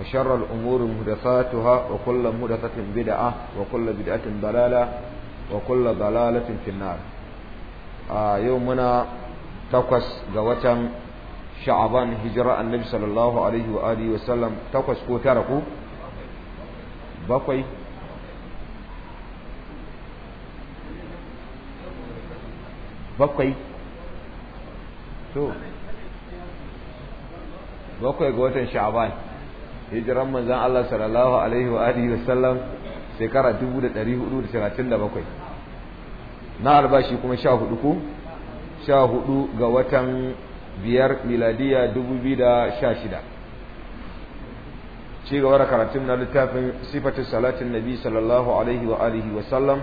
وشر الأمور مهدفاتها وكل مهدفة بدعة وكل بدعة ضلالة وكل ضلالة في النار آه يومنا تقص قوتا شعبان هجراء النبي صلى الله عليه وآله وسلم تقص كوتركو بقي بقي تو بقي قوتا شعبان hijiran manzon Allah sallallahu alaihi wa alihi wa sallam shekara 1437 na albashi kuma sha 14 ko hudu ga watan biyar miladiya 2016 ci gaba da karatun na littafin sifatu salatin nabi sallallahu alaihi wa alihi wa sallam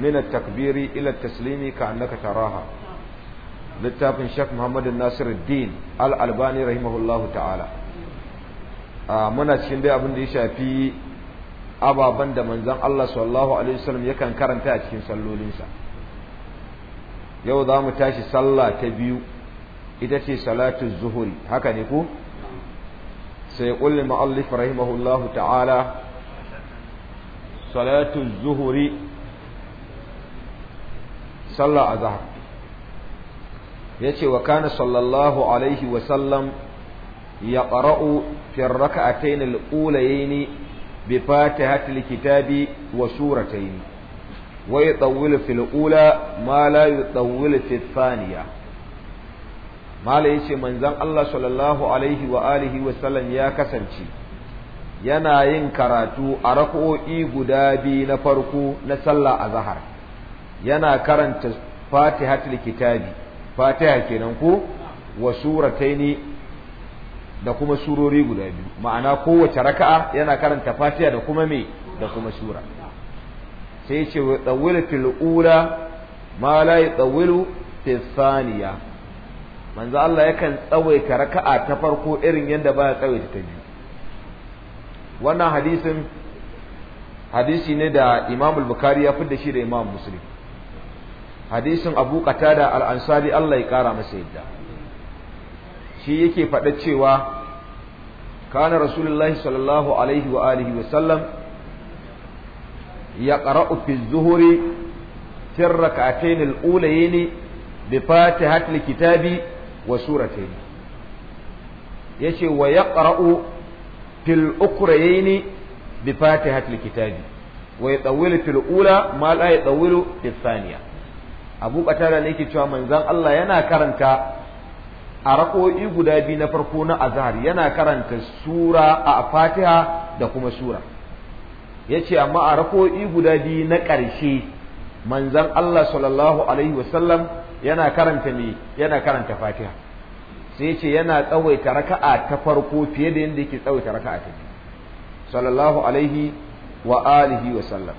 min takbiri ila taslimi ka annaka taraha littafin Sheikh Muhammad Nasiruddin Al-Albani rahimahullahu ta'ala muna cikin dai abin da ya shafi ababen da manzon Allah sallallahu alaihi wasallam yakan karanta a cikin sallolinsa yau za mu tashi sallah ta biyu ita ce salatu zuhuri haka ne ku sai kulli mu'allif rahimahullahu ta'ala salatu zuhuri sallah azhar yace wa kana sallallahu alaihi wasallam ya qara'u fi raka'atayn al-ulayayn bi fatihatil kitabi wa suratayn wa yatawwilu fil ula ma la yatawwilu fi thaniya mala yace manzon Allah sallallahu alaihi wa sallam ya kasance yana yin karatu a rak'o'i guda biyu na farko na sallah zahar, yana karanta fatihatul kitabi ko wa surataini da kuma surori guda biyu ma'ana kowace raka'a yana karanta fatiha da kuma me da kuma sura sai ya ce tsawil fil ula ma la fi thaniya manzo Allah yakan tsawaita raka'a ta farko irin yadda baya tsawaita ta biyu wannan hadisin hadisi ne da Imam al-Bukhari ya fidda shi da Imam Muslim hadisin Abu Qatada al-Ansari Allah ya kara masa yadda shi yake faɗa cewa kana rasulullahi sallallahu alaihi wa alihi wa sallam ya qara'u fi zuhuri tirrakatayn al-ulayn bi fatihatil kitabi wa suratayn yace wa yaqra'u fil ukrayn bi fatihatil kitabi wa yatawwilu fil ula ma la yatawwilu fil thaniya abu qatara ne yake cewa manzon Allah yana karanta a raƙo'i guda biyu na farko na azhar yana karanta sura a fatiha da kuma sura ya ce amma a raƙo'i guda biyu na ƙarshe manzan Allah sallallahu alaihi wasallam yana karanta ne yana karanta fatiha sai ya ce yana tsawaita raka'a ta farko fiye da yadda yake tsawaita raka'a ta biyu sallallahu alaihi wa alihi wa sallam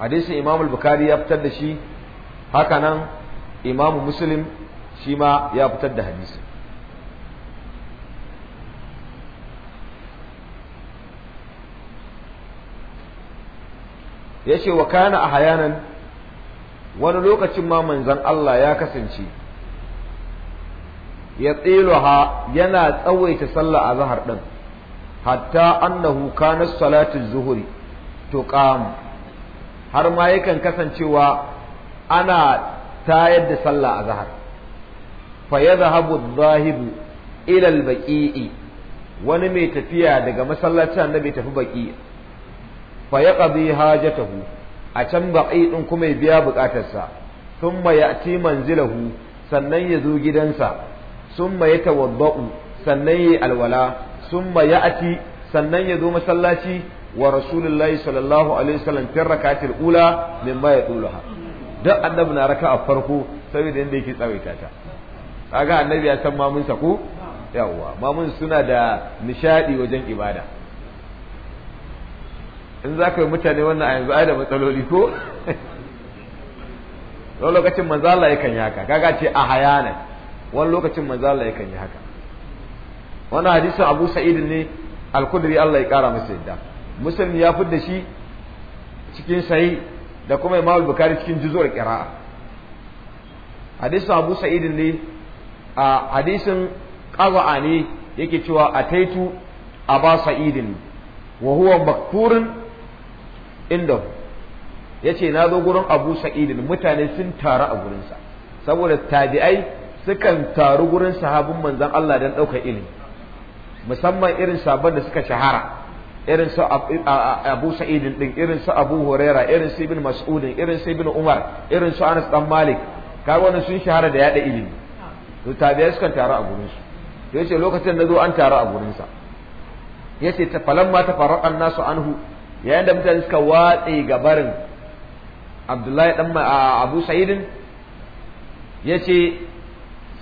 hadisin imam al-bukhari ya fitar da shi haka nan imamu muslim shi ma ya fitar da hadisi ya ce wa kana a hayanan wani lokacin ma manzan Allah ya kasance ya tsiluha yana tsawaita sallah a zahar ɗin hatta annahu kana salatin zuhuri to har ma yakan kasancewa ana tayar da sallah a zahar fa ya zahabu zahibu ilal baki'i. wani mai tafiya daga masallacin bai tafi baqi fa ya qadi hajatahu a can baqi ɗin kuma ya biya bukatarsa thumma ya'ti manzilahu sannan ya zo gidansa summa yatawaddau sannan ya alwala summa aci, sannan ya zo masallaci wa rasulullahi sallallahu alaihi wasallam fi rakatil ula mimma yatuluha duk annabi na raka'a farko saboda yadda yake tsawaita ta kaga annabi ya san mamun sa ko yawwa mamun suna da nishadi wajen ibada in za ka yi mutane wannan a yanzu ai da matsaloli ko wani lokacin manzala kan yi haka kaga ce a hayanan wani lokacin manzala kan yi haka wani hadisin abu sa'idin ne alkudiri allah ya kara masa yadda musulmi ya fi da shi cikin sahih da kuma Imam bukari cikin juzuwar qira'a hadisin Abu Sa'id ne a hadisin qaza'a ne yake cewa ataitu Aba Sa'id wa huwa makfurun inda yace na zo gurin Abu Sa'id mutane sun taru a gurinsa saboda tabi'ai sukan taru gurin sahabin manzon Allah dan ɗaukar ilimi musamman irin sabon da suka shahara irin su Abu Sa'id din irin su Abu Huraira irin su Ibn Mas'ud irin su Ibn Umar irin su Anas dan Malik kaga wannan sun shahara da yada ilimi to tabi'ai sukan taru a gurin su yace lokacin da zo an taru a gurin sa yace ta falamma tafarraqa nasu anhu yayin da mutane suka watse gabarin Abdullahi dan Abu Sa'id yace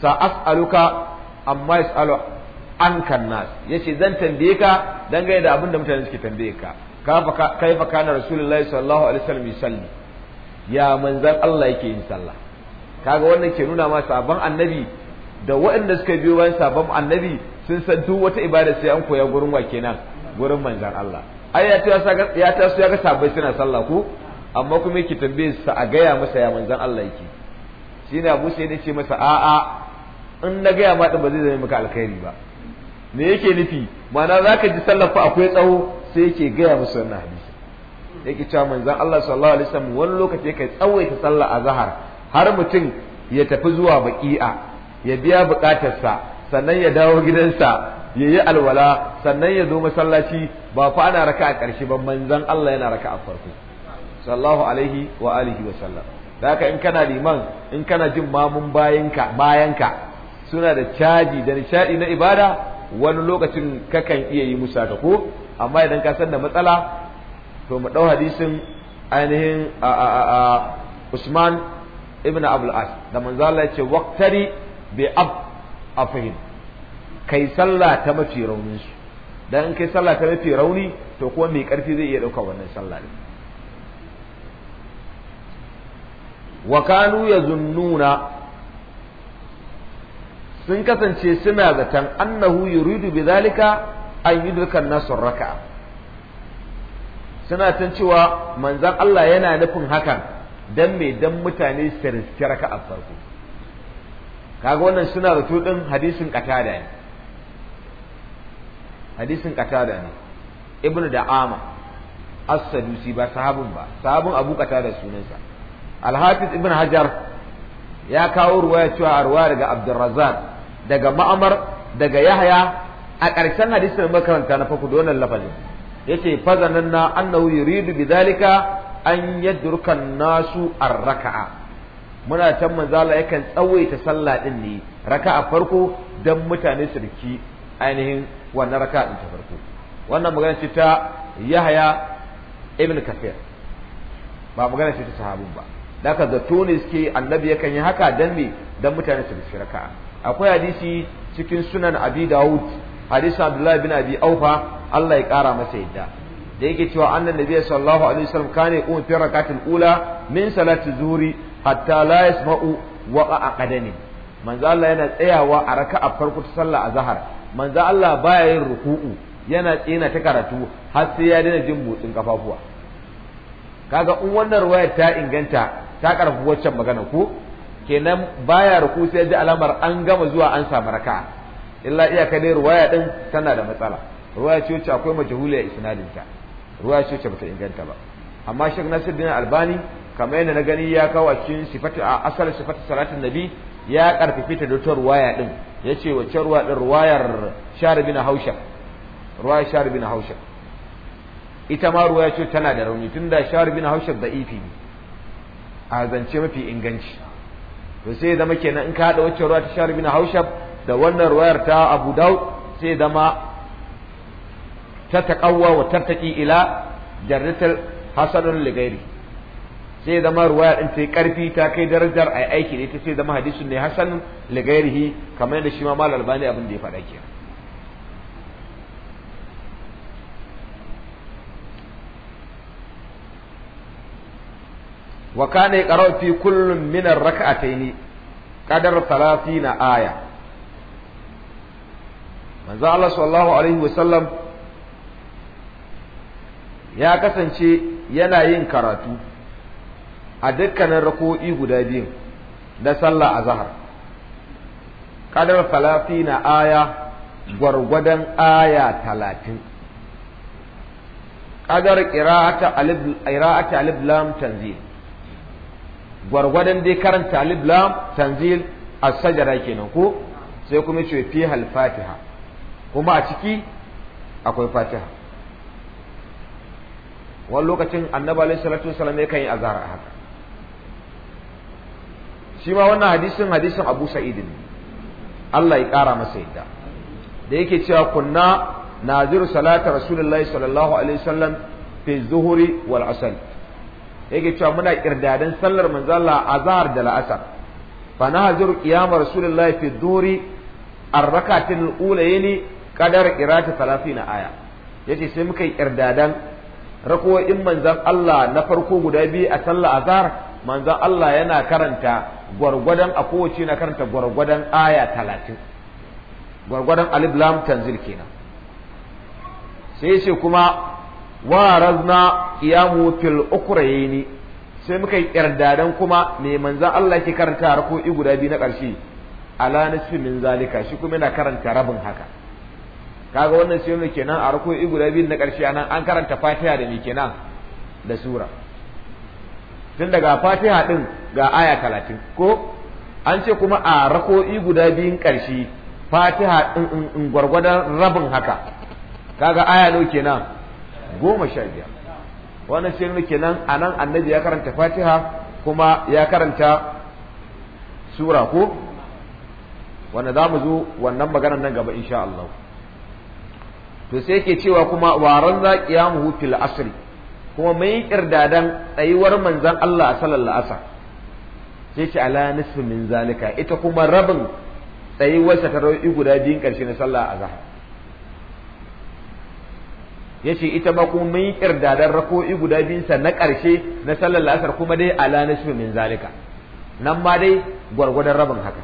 sa as'aluka amma yas'alu an kannas ce zan tambaye ka dangane da abin da mutane suke tambaye ka kai fa kana rasulullahi sallallahu alaihi wasallam yusalli ya manzan Allah yake yin sallah kaga wannan ke nuna ma sabon annabi da waɗanda suka biyo bayan sabon annabi sun san duk wata ibada sai an koya gurin wa kenan gurin manzan Allah ai ya ya taso ya ga sabai suna sallah ko amma kuma yake tambaye sa a gaya masa ya manzan Allah yake shine Abu Sa'id ya ce masa a'a in na gaya ma ba zai zama maka alkhairi ba me yake nufi ma'ana ka ji sallafa akwai tsawo sai yake gaya musu wannan hadisi yake cewa manzon Allah sallallahu alaihi wasallam wani lokaci yake tsawaita Sallah a zahar, har mutum ya tafi zuwa baki'a ya biya bukatarsa sannan ya dawo gidansa ya yi alwala sannan ya zo masallaci ba fa ana raka a ƙarshe ba manzon Allah yana raka a farko sallallahu alaihi wa alihi wa sallam haka in kana liman in kana jin mamun bayanka bayanka suna da caji da nishadi na ibada wani lokacin kakan iya yi musa haka ko amma idan ka san da matsala to mu ɗau hadisin ainihin a Usman ibn Abdul As da manzo Allah ya ce waqtari bi ab kai sallah ta mafi raunin su dan in kai sallah ta mafi rauni to kuma mai karfi zai iya ɗauka wannan sallah ne wa kanu yazunnuna sun kasance suna zaton annahu yuridu zalika an yudrika nasr raka suna tan cewa manzon Allah yana nufin hakan dan me dan mutane su raka a farko kaga wannan suna zato din hadisin da ne hadisin da ne ibnu da'ama as-sadusi ba sahabin ba sahabin abu da sunansa al-hafiz ibn hajar ya kawo ruwaya cewa ruwa daga abdurrazzaq daga ma'amar daga yahya a ƙarshen hadisin da makaranta na farko da wannan lafazin yace na annahu yuridu bidhalika an yadrukan nasu ar-raka'a muna can manzo Allah yakan tsawaita sallah din ne raka'a farko dan mutane su riki ainihin wannan raka'a din ta farko wannan magana ce ta Yahya ibn Kafir ba magana ce ta sahabin ba da haka zato ne suke annabi yakan yi haka dan me dan mutane su riki raka'a akwai hadisi cikin sunan abi dawud hadisi abdullahi bin abi aufa Allah ya kara masa yadda da yake cewa annan nabiyyi sallallahu alaihi wasallam kana yaqumu fi rakatil ula min salati zuhri hatta la yasma'u wa manzo Allah yana tsayawa a raka'a farko ta sallah azhar manzo Allah baya yin ruku'u yana tsina ta karatu har sai ya daina jin motsin kafafuwa kaga in wannan ruwaya ta inganta ta karfi waccan magana ko kenan baya ruku sai ji alamar an gama zuwa an samu raka'a illa iyaka dai ruwaya din tana da matsala ruwaya ce wacce akwai majhuliya isnadin ta ruwaya ce wacce bata inganta ba amma shek Nasiruddin Albani kamar yadda na gani ya kawo a cikin sifatu a asal sifatu salatin nabi ya karfafi ta da ruwaya din yace wacce ruwa din ruwayar Shar bin Hausha ruwaya Shar bin Hausha ita ma ruwaya ce tana da rauni tunda Shar bin Hausha da ifi a zance mafi inganci to sai zama kenan in ka hada wacce ruwa ta shahar bin haushab da wannan ruwayar ta abu daud sai zama ta taqawwa wa tattaki ila jarratul hasanun ligairi sai zama ruwaya ɗin ta karfi ta kai darajar yi aiki ne ta sai zama hadisun ne hasan Ligairi kamar yadda shi ma mal abin da ya faɗa kenan wa kana yaqra'u fi kullum min ar-rak'atayn qadar 30 aya manzo Allah sallallahu alaihi Sallam ya kasance yana yin karatu a dukkanin rako'i guda biyu da sallah azhar qadar 30 aya gwargwadon aya talatin ƙadar ƙira'ata alif lam tanzil gwargwadon dai karanta alif lam tanzil as-sajara kenan ko sai kuma ce fi hal fatiha kuma a ciki akwai fatiha wani lokacin annabi alaihi salatu wasallam yakan yi azara haka shi ma wannan hadisin hadisin Abu Sa'id ne Allah ya kara masa yadda da yake cewa kunna naziru salata rasulullahi sallallahu alaihi wasallam fi zuhuri wal asal yake cewa muna kirdadan sallar Allah azhar da la'asar fa nahzuru qiyam rasulullahi fi duri arrakatin ƙadar qadar qirati 30 aya yace sai muka yi kirdadan rako'in manzan Allah na farko guda biyu a sallar azhar manzan Allah yana karanta gwargwadon a kowace na karanta gwargwadon aya talatin gwargwadon alif lam tanzil kenan sai ce kuma wa razna qiyamu fil ukhrayni sai muka yi irdadan kuma me manzon Allah ke karanta i guda biyu na ƙarshe ala nisfi min zalika shi kuma yana karanta rabin haka kaga wannan sai ne kenan a i guda biyu na ƙarshe anan an karanta Fatiha da me kenan da sura tun daga Fatiha din ga aya 30 ko an ce kuma a rako'i guda biyun ƙarshe Fatiha in gwargwadon rabin haka kaga aya nau kenan goma sha biyar wannan shi ne kenan a nan annabi ya karanta fatiha kuma ya karanta sura ko wanda za mu zo wannan maganar nan gaba insha Allah to sai ke cewa kuma waran za mu fil asri kuma mai kirdadan tsayuwar manzon Allah sallallahu alaihi sai ce ala nisfu min zalika ita kuma rabin tsayuwarsa ta rawi guda biyun karshe na sallah azhar yace ita ma kuma mun yi kirdadan rako'i guda biyun sa na ƙarshe na sallar la'asar kuma dai ala nisfi min zalika nan ma dai gwargwadon rabin haka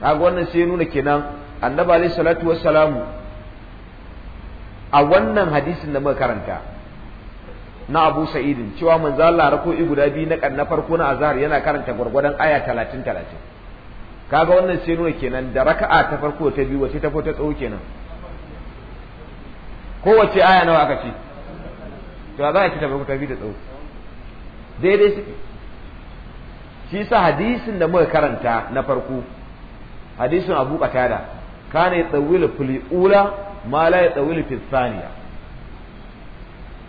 kaga wannan sai nuna kenan annabi alayhi salatu wassalamu a wannan hadisin da muka karanta na Abu Sa'idin cewa manzo Allah rako'i guda biyu na na farko na azhar yana karanta gwargwadon aya 30 30 kaga wannan sai nuna kenan da raka'a ta farko ta biyu wace ta fito ta tsawo kenan kowace aya nawa aka ce to za a ci tabar kuta biyu da tsawo daidai suke shi sa hadisin da muka karanta na farko hadisin abu qatada kana ya tsawila fil ula ma la ya tsawila fil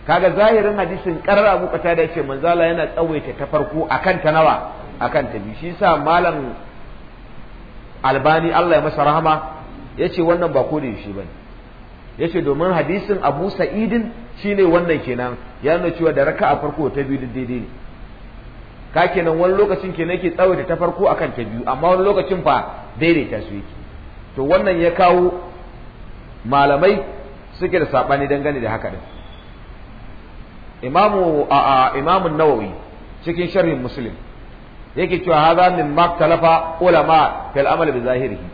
kaga zahirin hadisin karar abu qatada yace Manzala yana tsawaita ta farko akan ta nawa akan ta bi shi sa malam albani Allah ya masa rahama yace wannan ba ko da yaushe bane ya ce domin hadisin Abu Sa'idin shi ne wannan kenan ya nuna cewa da raka a farko ta biyu daidai ne ka kenan wani lokacin kenan yake tsawaita ta farko akan ta biyu amma wani lokacin fa daidaita su yake to wannan ya kawo malamai suke da sabani dangane da haka din imamu a imamu nawawi cikin sharhin muslim yake cewa hadha min maktalafa ulama fil amal bi zahirihi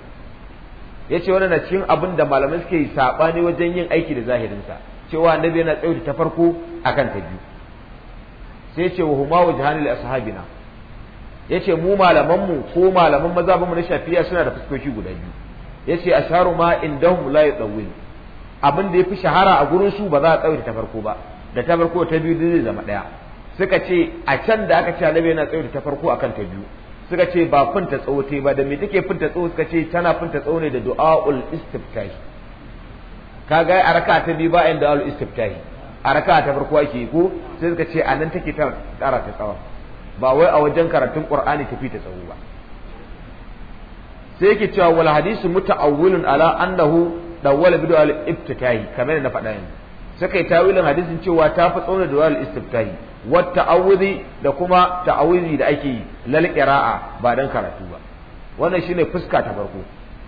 yace wani na cikin abin da malamai suke yi saɓani wajen yin aiki da zahirin sa cewa annabi yana tsaye ta farko a kan ta biyu sai ce wa huma wajhanil ashabina yace mu malaman mu ko malaman ba mu na shafiya suna da fuskoki guda biyu yace sharu ma indahum la yadawil abin da ya fi shahara a gurin su ba za a tsaye ta farko ba da ta farko ta biyu zai zama daya suka ce a can da aka ce annabi yana tsaye ta farko a kan ta biyu suka ce ba funta tsawo te ba da me take funta tsawo suka ce tana funta tsawo ne da du'aul istiftahi ga a raka ta biyu bayan du'aul istiftahi a raka ta farko ake ko sai suka ce a nan take ta tsara ta tsawo ba wai a wajen karatun qur'ani fi ta tsawo ba sai yake cewa wal hadisu muta'awwilun ala annahu dawwala bidu'al iftitahi kamar na faɗa yanzu suka yi tawilin hadisin cewa ta fi tsaunar da wal istiftahi wata awuzi da kuma ta'awuzi da ake yi lal qira'a ba dan karatu ba wannan shine fuska ta farko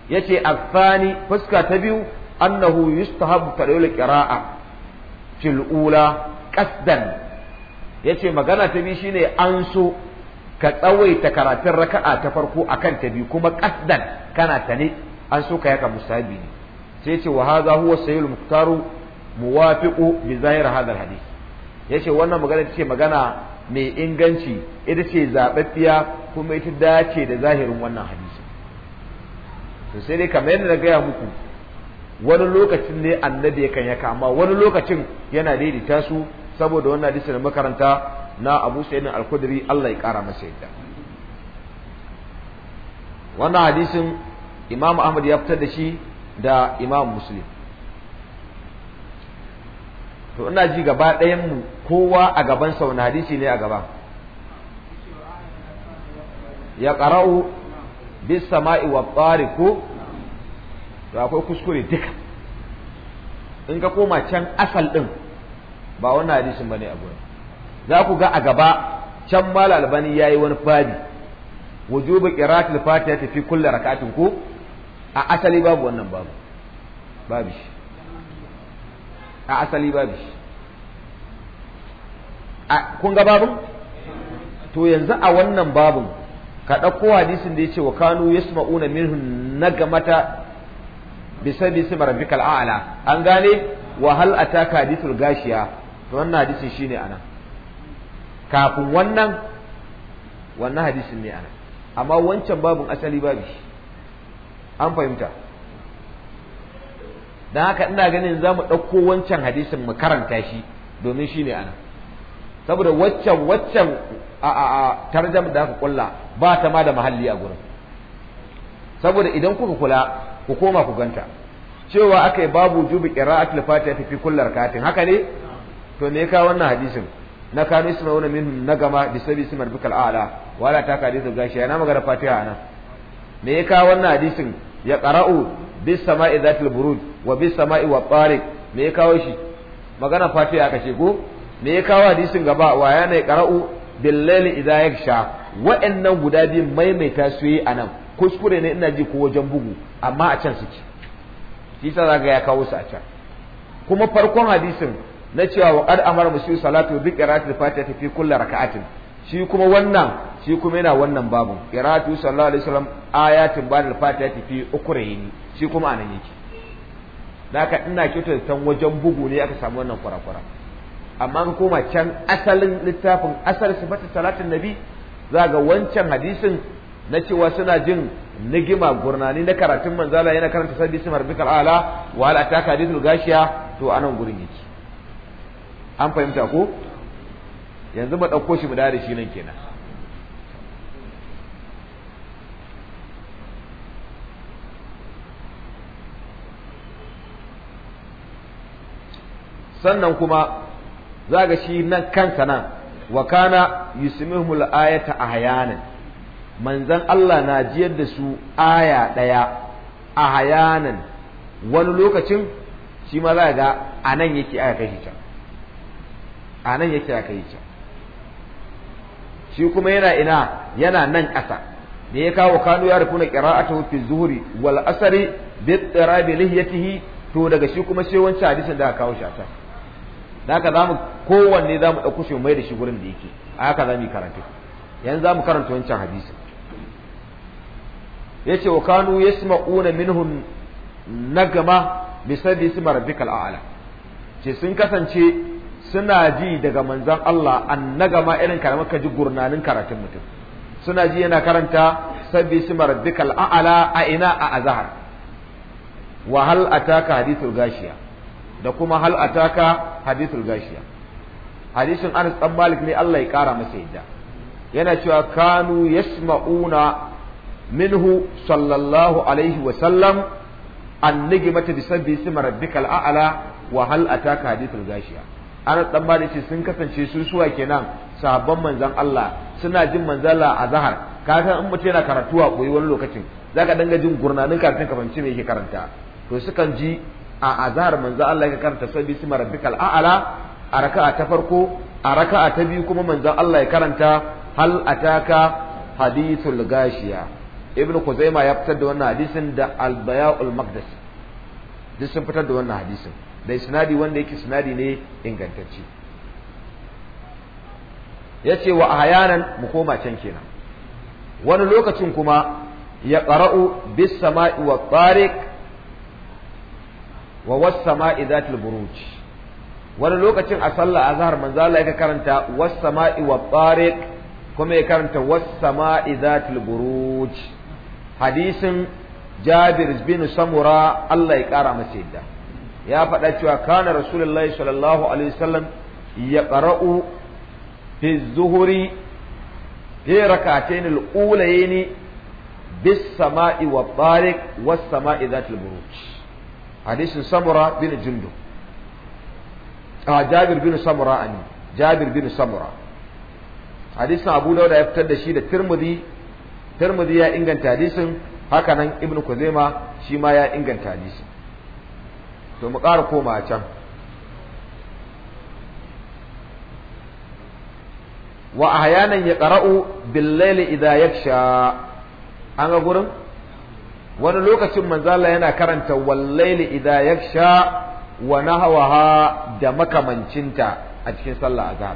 yace afani fuska ta biyu annahu yustahabu tadawul qira'a fil ula qasdan yace magana ta biyu shine an so ka tsawaita karatun raka'a ta farko akan ta biyu kuma ƙasdan kana ta ne an so ka yaka musabi ne sai ce wa hadha huwa sayyidul muwafiqu bi zahir hadal hadith yace wannan magana ce magana mai inganci ita ce zababbiya kuma ita dace da zahirin wannan hadisi to sai dai kamar yadda na gaya muku wani lokacin ne annabi ya kan yaka amma wani lokacin yana daidaita su saboda wannan hadisi na makaranta na Abu Sa'id al-Khudri Allah ya kara masa yadda wannan hadisin Imam Ahmad ya fitar da shi da Imam Muslim to ina ji gaba ɗayan mu kowa a gaban saunari shi ne a gaba ya ƙara'u bis sama'i wa ko to akwai kuskure duka in ka koma can asal ɗin ba wannan hadisin ne a gurin za ku ga a gaba can mal albani yi wani babi wujubu qira'atil fatiha fi kulli rak'atin ko a asali babu wannan babu babu shi a asali babu shi kun ga babu? to yanzu a wannan babu ka ɗauko hadisin da ya ce wa kanu yasma'una minhu nagamata bisa bisa marabbikal a'ala an gane wa hal ataka hadisul gashiya to wannan hadisin shine anan kafin wannan wannan hadisin ne anan amma wancan babun asali babu shi an fahimta don haka ina ganin za mu ɗauko wancan hadisin mu karanta shi domin shi ne ana saboda waccan waccan a a a tarjam da aka kulla ba ta ma da mahalli a gurin saboda idan kuka kula ku koma ku ganta cewa aka yi babu jubi qira'atul fatiha fi kullar katin haka ne to me ka wannan hadisin na kanu isma'una min nagama bi sabi simar bikal a'la wala ta ka hadisin gashi yana magana fatiha anan. me ya kawo wannan hadisin ya qara'u bis sama'i zatil buruj wa bis sama'i wa tariq me ya kawo shi magana fati aka ce ko me ya kawo hadisin gaba wa ne qara'u bil layli idha yaksha wa'annan guda biyu maimaita su yi anan kuskure ne ina ji ko wajen bugu amma a can suke shi yasa zaka ya kawo su a can kuma farkon hadisin na cewa wa qad amara musu salatu bi qira'ati fatiha fi kulli raka'atin shi kuma wannan shi kuma yana wannan babu qira'atu sallallahu alaihi wasallam ayatin ba'da al-fatiha fi ukurayni shi kuma anan yake haka ina kyautar san wajen bugu ne aka samu wannan kwarakwara amma an koma can asalin littafin asal sifatar salatin nabi za ga wancan hadisin na cewa suna jin nigima gurnani na karatun manzala yana karanta sabbi su marbikar ala wa ala ta hadithul gashiya to anan gurin yake an fahimta ko yanzu mu ɗauko shi mu dare shi nan kenan sannan kuma za ga shi nan kansa nan wa kana yusmihul ayata ahyanan manzan Allah na jiyar da su aya daya ahyanan wani lokacin shi ma za ga anan yake aya kai can anan yake aya kai can shi kuma yana ina yana nan ƙasa me ya kawo kanu ya rufuna qira'atu fi zuhri wal asri bi tirabi lihiyatihi to daga shi kuma sai wancan hadisin da aka kawo shi a can da haka zamu kowanne zamu ɗauku shi mai da shi gurin da yake a haka zamu karanta yanzu zamu karanta wancan hadisi yace wa kanu yasma'una minhum nagama bisabbi ismi rabbikal a'la ce sun kasance suna ji daga manzon Allah gama irin karamar ka ji gurnanin karatun mutum suna ji yana karanta sabbi ismi rabbikal a'la a ina a Azahar. wa hal taka hadithul gashiya da kuma hal ataka hadithul gashiya hadisin Anas dan Malik ne Allah ya kara masa yadda yana cewa kanu yasma'una minhu sallallahu alaihi wa sallam an nigimata bisabbi sima rabbikal a'la wa hal ataka hadithul gashiya Anas dan Malik ce sun kasance su suwa kenan sahabban manzon Allah suna jin manzala a zahar ka san in mutum yana karatu a koyi wani lokacin zaka dinga jin gurnanin karatun ka fanci me yake karanta to sukan ji a azhar manzo Allah ya karanta sabbi sima rabbikal a'la a raka'a ta farko a raka'a ta biyu kuma manzo Allah ya karanta hal ataka hadithul gashiya ibnu kuzaima ya fitar da wannan hadisin da al-baya'ul maqdis duk sun fitar da wannan hadisin da isnadi wanda yake isnadi ne ingantacce yace wa ahyanan mu koma can kenan wani lokacin kuma ya qara'u bis sama'i wa tariq wa wasu samai zatil wani lokacin a sallah azhar manzo Allah ya karanta was-sama'i wa tariq kuma ya karanta was-sama'i zatil buruj hadisin Jabir bin Samura Allah ya kara masa yadda ya faɗa cewa kana rasulullahi sallallahu alaihi wasallam ya qara'u fi zuhuri fi rak'atayn al-ulayn bis-sama'i wa tariq was-sama'i zatil buruj hadisin samura bin jundu a ah, jabir bin samura ani jabir bin samura hadisin abu dauda ya fitar da shi da tirmidhi tirmidhi ya inganta hadisin haka nan ibnu kuzaima shi ma ya inganta hadisin to mu ƙara koma can wa ahyanan ya ƙara'u bil layli idha yaksha an ga gurin wani lokacin manzala yana karanta wallaili ya sha wa nahwaha da makamancinta a cikin sallah azhar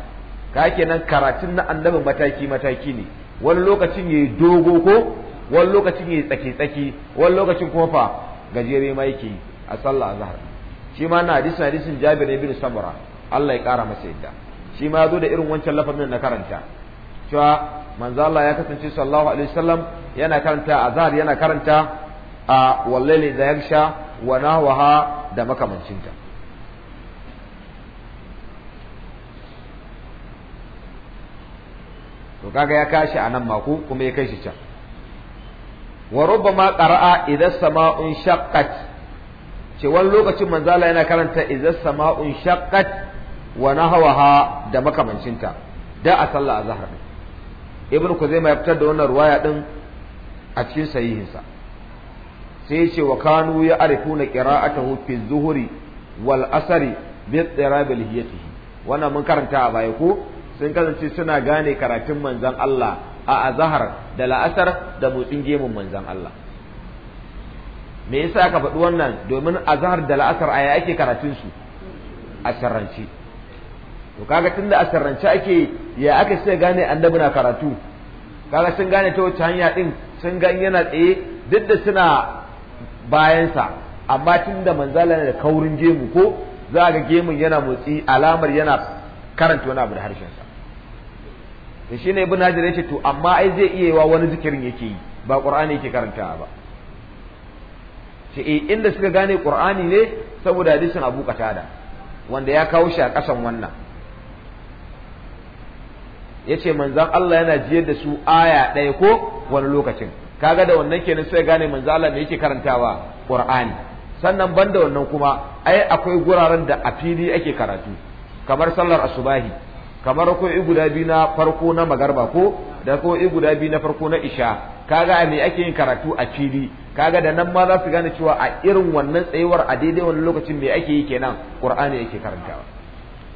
ka kenan karatun na annabi mataki mataki ne wani lokacin ya yi dogo ko wani lokacin ya yi tsaki tsaki wani lokacin kuma fa gajere maiki a sallah azhar shi ma na hadisin hadisin Jabir ibn Samura Allah ya kara masa yadda shi ma zo da irin wancan lafazin na karanta cewa Manzala ya kasance sallallahu alaihi wasallam yana karanta azhar yana karanta a wallele da yaksha wa nahwaha da makamancinta to kaga ya kashi anan nan mako kuma ya kai shi can wa rubbama qara'a idza sama'un shaqqat ce wani lokacin manzala yana karanta idza sama'un shaqqat wa nahwaha da makamancinta da a sallah azhar ibnu kuzaima ya fitar da wannan ruwaya din a cikin sahihinsa sai ce wa kanu ya arifu a ta fi zuhuri wal asari bi tsirabi lihiyatihi wannan mun karanta a baya ko sun kasance suna gane karatun manzon Allah a azhar da la'asar da motsin gemun manzon Allah me yasa aka faɗi wannan domin azhar da la'asar aya ake karatun su a sarrance to kaga tunda a sarrance ake ya aka sai gane annabi na karatu kaga sun gane ta wacce hanya din sun gan yana tsaye duk da suna bayansa amma tun da manzala da kaurin gemu ko za ga gemun yana motsi alamar yana karanta wani abu da harshensa to shine ibn hajar yace to amma ai zai iya yiwa wani zikirin yake yi ba qur'ani yake karantawa ba ce eh inda suka gane qur'ani ne saboda hadisin abu qatada wanda ya kawo shi a kasan wannan yace manzan Allah yana jiyar da su aya ɗaya ko wani lokacin kaga da wannan kenan sai gane manzo Allah ne yake karantawa Qur'ani sannan banda wannan kuma ai akwai guraren da a fili ake karatu kamar sallar asubahi kamar ko guda biyu na farko na magarba ko da ko guda biyu na farko na isha kaga a me ake yin karatu a fili kaga da nan ma za su gane cewa a irin wannan tsayuwar a daidai wannan lokacin me ake yi kenan Qur'ani yake karantawa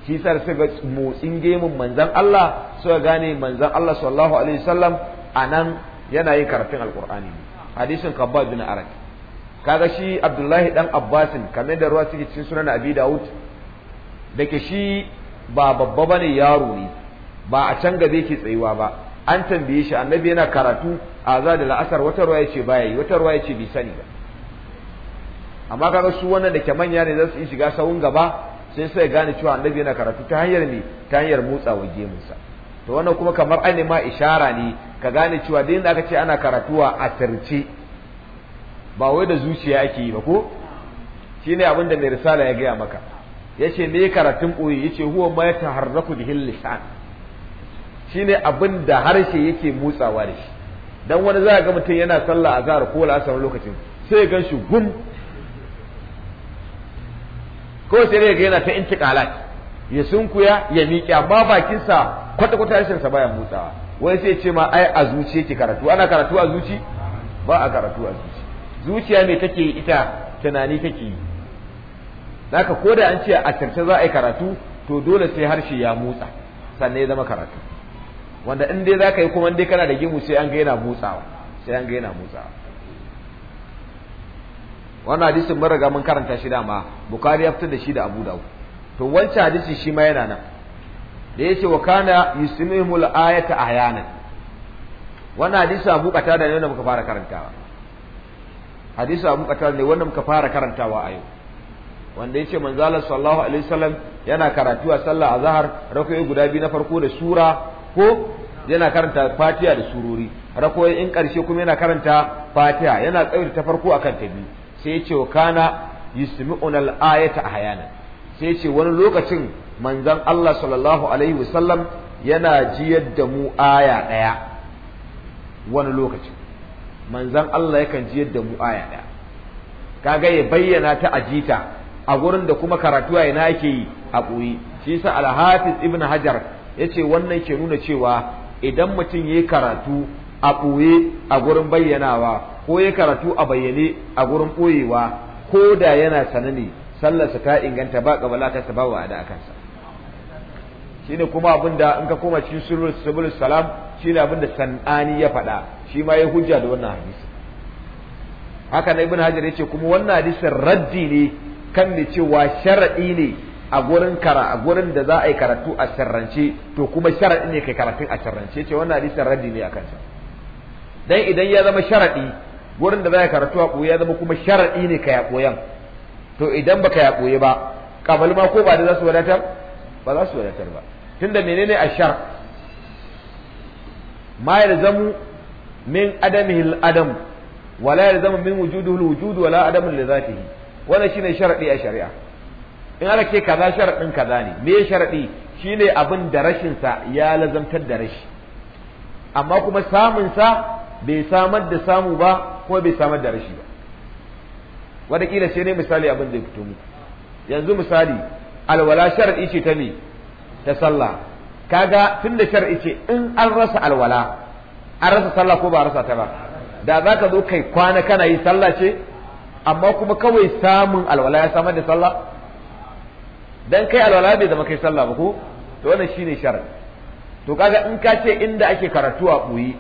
shi sa sai ga motsin gemun manzon Allah suka gane manzon Allah sallallahu alaihi wasallam anan yana yin karatun alqur'ani hadisin kabbab bin arad kaga shi abdullahi dan abbasin kamar da ruwa suke cikin sunan abi daud Dake shi ba babba bane yaro ne ba a can gabe yake tsayuwa ba an tambaye shi annabi yana karatu a za da la'asar wata ruwa yace baya yi wata ruwa yace bai sani ba amma kaga su wannan da ke manya ne za su yi shiga sawun gaba sai sai gane cewa annabi yana karatu ta hanyar ne ta hanyar motsawa gemunsa to wannan kuma kamar ainihin ishara ne ka gane cewa da aka ce ana karatuwa a tarce ba wai da zuciya ake yi ba ko shi abin da mai risala ya gaya maka Ya ce ne karatun koyi yace huwa ma da bihil Shi ne abin da harshe yake motsawa da shi dan wani za a ga mutum yana sallah azhar ko la'asar lokacin sai ya gan shi gum ko sai dai ga yana ta intiqalat ya sunkuya ya miƙe amma bakinsa kwata kwata harshen sa baya motsawa wai sai ce ma ai a zuci yake karatu ana karatu a zuci ba a karatu a zuci zuciya me take ita tunani take yi zaka ko da an ce a tarce za a yi karatu to dole sai harshe ya motsa sannan ya zama karatu wanda in dai zaka yi kuma in dai kana da gimu sai an ga yana motsawa sai an ga yana motsawa wannan hadisin mun riga mun karanta shi dama bukari ya fitar da shi da abu dawo to wancan hadisi shi ma yana nan da yace wa kana yusmihul ayata ahyanan wannan hadisi Abu da ne wanda muka fara karantawa hadisi Abu kata ne wanda muka fara karantawa a yau wanda yace manzo Allah sallallahu alaihi wasallam yana karatu a sallar azhar rakoi guda biyu na farko da sura ko yana karanta Fatiha da sururi rakoi in karshe kuma yana karanta Fatiha yana tsayar ta farko akan ta biyu sai yace wa kana yusmi'una ayata ahyanan sai ce wani lokacin manzon Allah sallallahu alaihi wasallam yana jiyar da mu aya ɗaya wani lokacin manzon Allah yakan jiyar da mu aya ɗaya kaga ya bayyana ta ajita a gurin da kuma karatu a ina yake yi a ɓoye shi yasa al-hafiz ibn hajar yace wannan ke nuna cewa idan mutum yayi karatu a ɓoye a gurin bayyanawa ko ya karatu a bayyane a gurin ɓoyewa ko da yana sanane sallarsa ta inganta ba kabala ta ba wa da akansa shine kuma abinda in ka koma cikin sirrul sabul salam shine abinda sanani ya faɗa shi ma ya hujja da wannan hadisi haka na ibn hajar yace kuma wannan hadisin raddi ne kan da cewa sharadi ne a gurin kara a gurin da za a yi karatu a sirrance to kuma sharadi ne kai karatun a sirrance ce wannan hadisin raddi ne akan sa dan idan ya zama sharadi gurin da za a yi karatu a ya zama kuma sharadi ne kai a koyan to idan baka ya ɓoye ba kabal ma ko ba da za su wadatar ba za su wadatar ba tunda menene ashar ma zamu min adamihi al-adam wala ya zamu min wujudihi al-wujud wala adamu li zatihi wannan shine sharadi a shari'a in ana ke kaza sharadin kaza ne me sharadi shine abin da rashin sa ya lazantar da rashi amma kuma samun sa bai samar da samu ba ko bai samar da rashi ba wataƙila sai ne misali abin zai fito muku yanzu misali alwala shar'i ce ta me ta sallah kaga tun da shar'i ce in an rasa alwala an rasa sallah ko ba a rasa ta ba da za ka zo kai kwana kana yi sallah ce amma kuma kawai samun alwala ya samar da sallah dan kai alwala bai zama kai sallah ba ko to wannan shine shar'i to kaga in ka ce inda ake karatu a koyi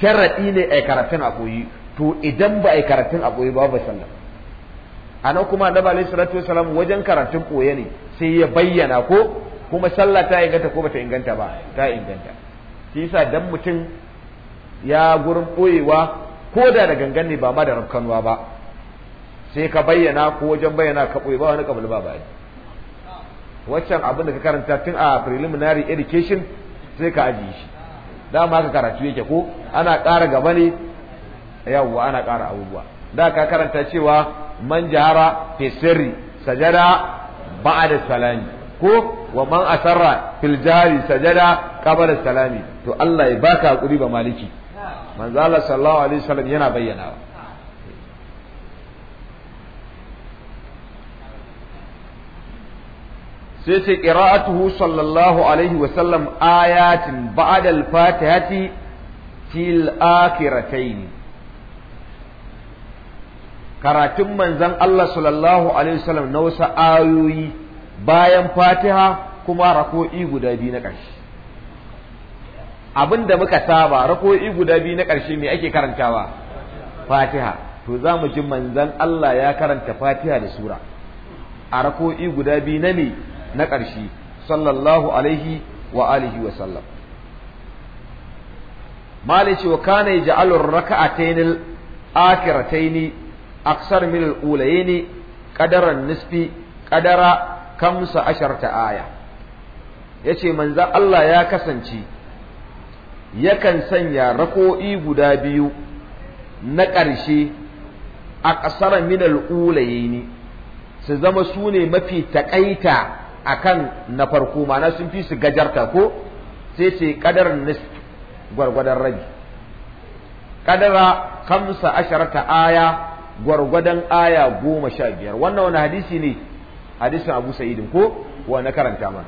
sharaɗi ne ai karatun a koyi to idan ba ai karatun a koyi ba ba sallah Ana kuma annabi alaihi salatu wasalam wajen karatun koye ne sai ya bayyana ko kuma sallah ta inganta ko bata inganta ba ta inganta shi yasa dan mutum ya gurin boyewa ko da da gangan ne ba ma da rafkanuwa ba sai ka bayyana ko wajen bayyana ka koyi ba wani kabul ba bai waccan abin da ka karanta tun a preliminary education sai ka ajiye shi dama ka karatu yake ko ana ƙara gaba ne yawwa ana ƙara abubuwa da ka karanta cewa man jahara fi sirri sajada ba'da salami ko wa man asarra fil jari sajada qabla salami to Allah ya baka hakuri ba maliki manzo Allah sallallahu alaihi wasallam yana bayyanawa sai ce qira'atuhu sallallahu alaihi wasallam ayatin ba'da al-fatihati til akhiratayn karatun manzan Allah sallallahu alaihi wasallam na wasu ayoyi bayan Fatiha kuma rako'i guda biyu na ƙarshe abin da muka saba rako'i guda biyu na ƙarshe me ake karantawa Fatiha to za mu ji manzan Allah ya karanta Fatiha da sura a rako'i guda biyu na me na ƙarshe sallallahu alaihi wa alihi wa sallam malici wa kana yaj'alu raka'atayn al-akhiratayn aksar min al-ulayni qadaran nisfi ƙadara kamsa asharta aya yace manzo Allah ya kasance yakan sanya rako'i guda biyu na ƙarshe a ƙasar minal ulaye ne su zama su ne mafi a kan na farko ma'ana sun fi su gajarta ko sai ce qadar nisf gwargwadon rabi ƙadara kamsa asharta aya gwargwadon aya goma sha biyar wannan wani hadisi ne hadisin abu sa'idin ko wa na karanta ma